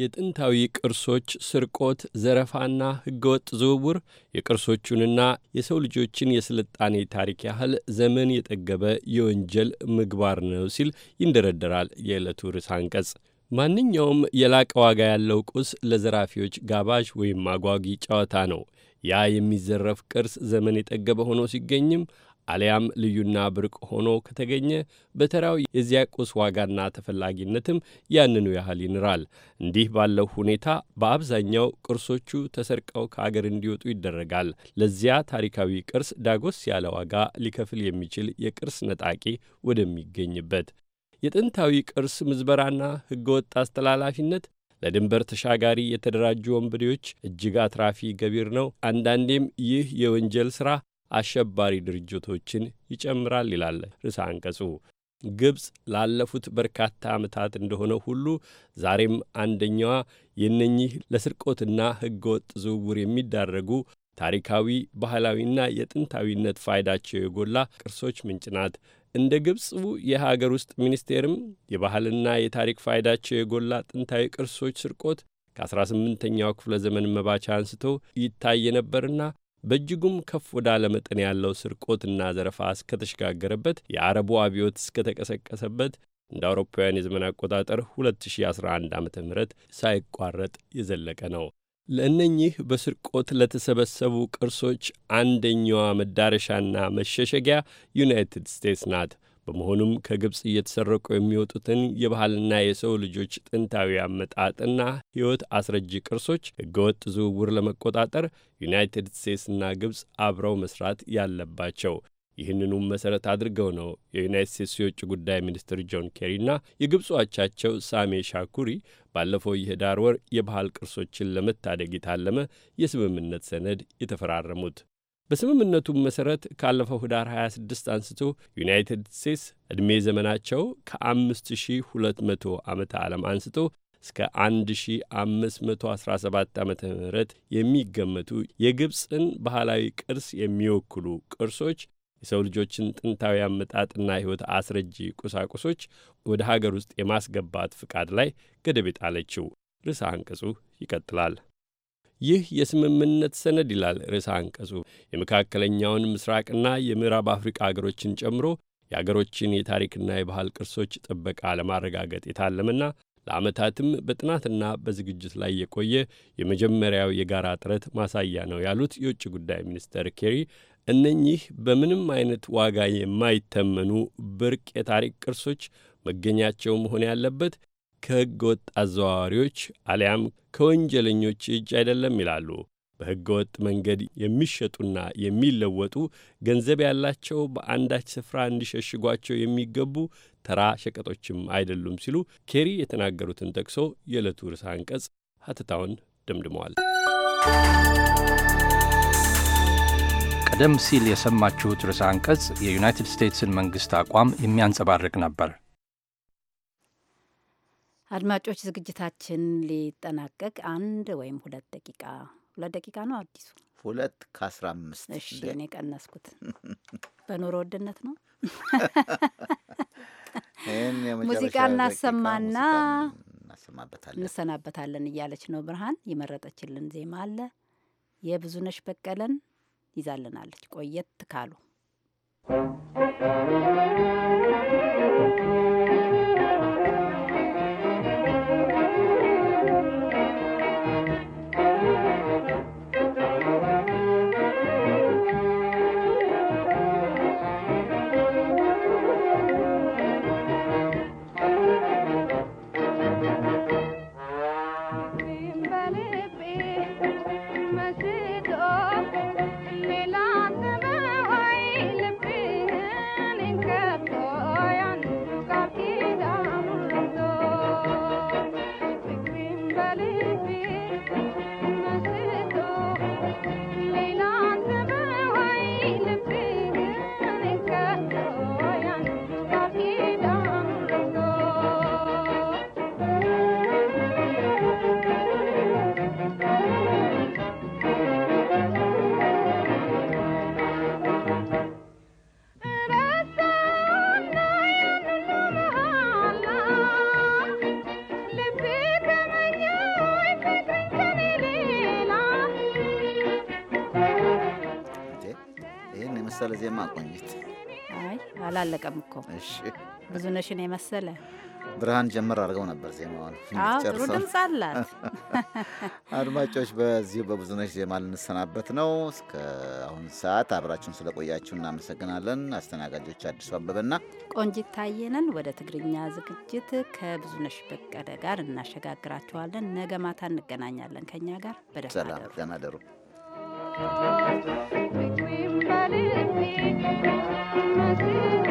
የጥንታዊ ቅርሶች ስርቆት፣ ዘረፋና ሕገወጥ ዝውውር የቅርሶቹንና የሰው ልጆችን የስልጣኔ ታሪክ ያህል ዘመን የጠገበ የወንጀል ምግባር ነው ሲል ይንደረደራል የዕለቱ ርዕሰ አንቀጽ። ማንኛውም የላቀ ዋጋ ያለው ቁስ ለዘራፊዎች ጋባዥ ወይም ማጓጊ ጨዋታ ነው። ያ የሚዘረፍ ቅርስ ዘመን የጠገበ ሆኖ ሲገኝም አሊያም ልዩና ብርቅ ሆኖ ከተገኘ በተራው የዚያ ቁስ ዋጋና ተፈላጊነትም ያንኑ ያህል ይንራል። እንዲህ ባለው ሁኔታ በአብዛኛው ቅርሶቹ ተሰርቀው ከአገር እንዲወጡ ይደረጋል። ለዚያ ታሪካዊ ቅርስ ዳጎስ ያለ ዋጋ ሊከፍል የሚችል የቅርስ ነጣቂ ወደሚገኝበት የጥንታዊ ቅርስ ምዝበራና ሕገወጥ አስተላላፊነት ለድንበር ተሻጋሪ የተደራጁ ወንበዴዎች እጅግ አትራፊ ገቢር ነው። አንዳንዴም ይህ የወንጀል ሥራ አሸባሪ ድርጅቶችን ይጨምራል ይላል ርዕሰ አንቀጹ። ግብፅ ላለፉት በርካታ ዓመታት እንደሆነ ሁሉ ዛሬም አንደኛዋ የነኚህ ለስርቆትና ሕገወጥ ዝውውር የሚዳረጉ ታሪካዊ፣ ባህላዊና የጥንታዊነት ፋይዳቸው የጎላ ቅርሶች ምንጭ ናት። እንደ ግብፁ የሀገር ውስጥ ሚኒስቴርም የባህልና የታሪክ ፋይዳቸው የጎላ ጥንታዊ ቅርሶች ስርቆት ከ18ኛው ክፍለ ዘመን መባቻ አንስቶ ይታይ ነበርና በእጅጉም ከፍ ወዳለ መጠን ያለው ስርቆትና ዘረፋ እስከተሸጋገረበት የአረቡ አብዮት እስከተቀሰቀሰበት እንደ አውሮፓውያን የዘመን አቆጣጠር 2011 ዓ ም ሳይቋረጥ የዘለቀ ነው። ለእነኚህ በስርቆት ለተሰበሰቡ ቅርሶች አንደኛዋ መዳረሻና መሸሸጊያ ዩናይትድ ስቴትስ ናት። በመሆኑም ከግብፅ እየተሰረቁ የሚወጡትን የባህልና የሰው ልጆች ጥንታዊ አመጣጥና ሕይወት አስረጂ ቅርሶች ሕገወጥ ዝውውር ለመቆጣጠር ዩናይትድ ስቴትስና ግብፅ አብረው መስራት ያለባቸው ይህንኑም መሠረት አድርገው ነው የዩናይት ስቴትስ የውጭ ጉዳይ ሚኒስትር ጆን ኬሪና የግብፁ አቻቸው ሳሜ ሻኩሪ ባለፈው የህዳር ወር የባህል ቅርሶችን ለመታደግ የታለመ የስምምነት ሰነድ የተፈራረሙት። በስምምነቱም መሠረት ካለፈው ህዳር 26 አንስቶ ዩናይትድ ስቴትስ ዕድሜ ዘመናቸው ከ5200 ዓመተ ዓለም አንስቶ እስከ 1517 ዓ ም የሚገመቱ የግብፅን ባህላዊ ቅርስ የሚወክሉ ቅርሶች የሰው ልጆችን ጥንታዊ አመጣጥና ሕይወት አስረጂ ቁሳቁሶች ወደ ሀገር ውስጥ የማስገባት ፍቃድ ላይ ገደብ ጣለችው ርዕሰ አንቀጹ ይቀጥላል። ይህ የስምምነት ሰነድ ይላል ርዕሰ አንቀጹ የመካከለኛውን ምስራቅና የምዕራብ አፍሪቃ አገሮችን ጨምሮ የአገሮችን የታሪክና የባህል ቅርሶች ጥበቃ ለማረጋገጥ የታለመና ለዓመታትም በጥናትና በዝግጅት ላይ የቆየ የመጀመሪያው የጋራ ጥረት ማሳያ ነው ያሉት የውጭ ጉዳይ ሚኒስተር ኬሪ እነኚህ በምንም አይነት ዋጋ የማይተመኑ ብርቅ የታሪክ ቅርሶች መገኛቸው መሆን ያለበት ከሕገ ወጥ አዘዋዋሪዎች አሊያም ከወንጀለኞች እጅ አይደለም ይላሉ። በሕገ ወጥ መንገድ የሚሸጡና የሚለወጡ ገንዘብ ያላቸው በአንዳች ስፍራ እንዲሸሽጓቸው የሚገቡ ተራ ሸቀጦችም አይደሉም ሲሉ ኬሪ የተናገሩትን ጠቅሶ የዕለቱ ርዕሰ አንቀጽ ሀተታውን ደምድመዋል። ቀደም ሲል የሰማችሁት ርዕሰ አንቀጽ የዩናይትድ ስቴትስን መንግሥት አቋም የሚያንጸባርቅ ነበር። አድማጮች፣ ዝግጅታችን ሊጠናቀቅ አንድ ወይም ሁለት ደቂቃ ሁለት ደቂቃ ነው አዲሱ ሁለት ከአስራ አምስት እሺ እኔ ቀነስኩት በኑሮ ውድነት ነው ሙዚቃ እናሰማና እንሰናበታለን እያለች ነው ብርሃን የመረጠችልን ዜማ አለ የብዙነሽ በቀለን ይዛልናለች ቆየት ካሉ አላለቀም እኮ ብዙነሽን የመሰለ ብርሃን ጀምር አድርገው ነበር ዜማውን። ጥሩ ድምፅ አላት። አድማጮች፣ በዚሁ በብዙነሽ ዜማ ልንሰናበት ነው። እስከ አሁን ሰዓት አብራችሁን ስለቆያችሁ እናመሰግናለን። አስተናጋጆች አዲሱ አበበና ቆንጂት ታየነን። ወደ ትግርኛ ዝግጅት ከብዙነሽ በቀለ ጋር እናሸጋግራችኋለን። ነገ ማታ እንገናኛለን። ከኛ ጋር በደህና ደሩ። Thank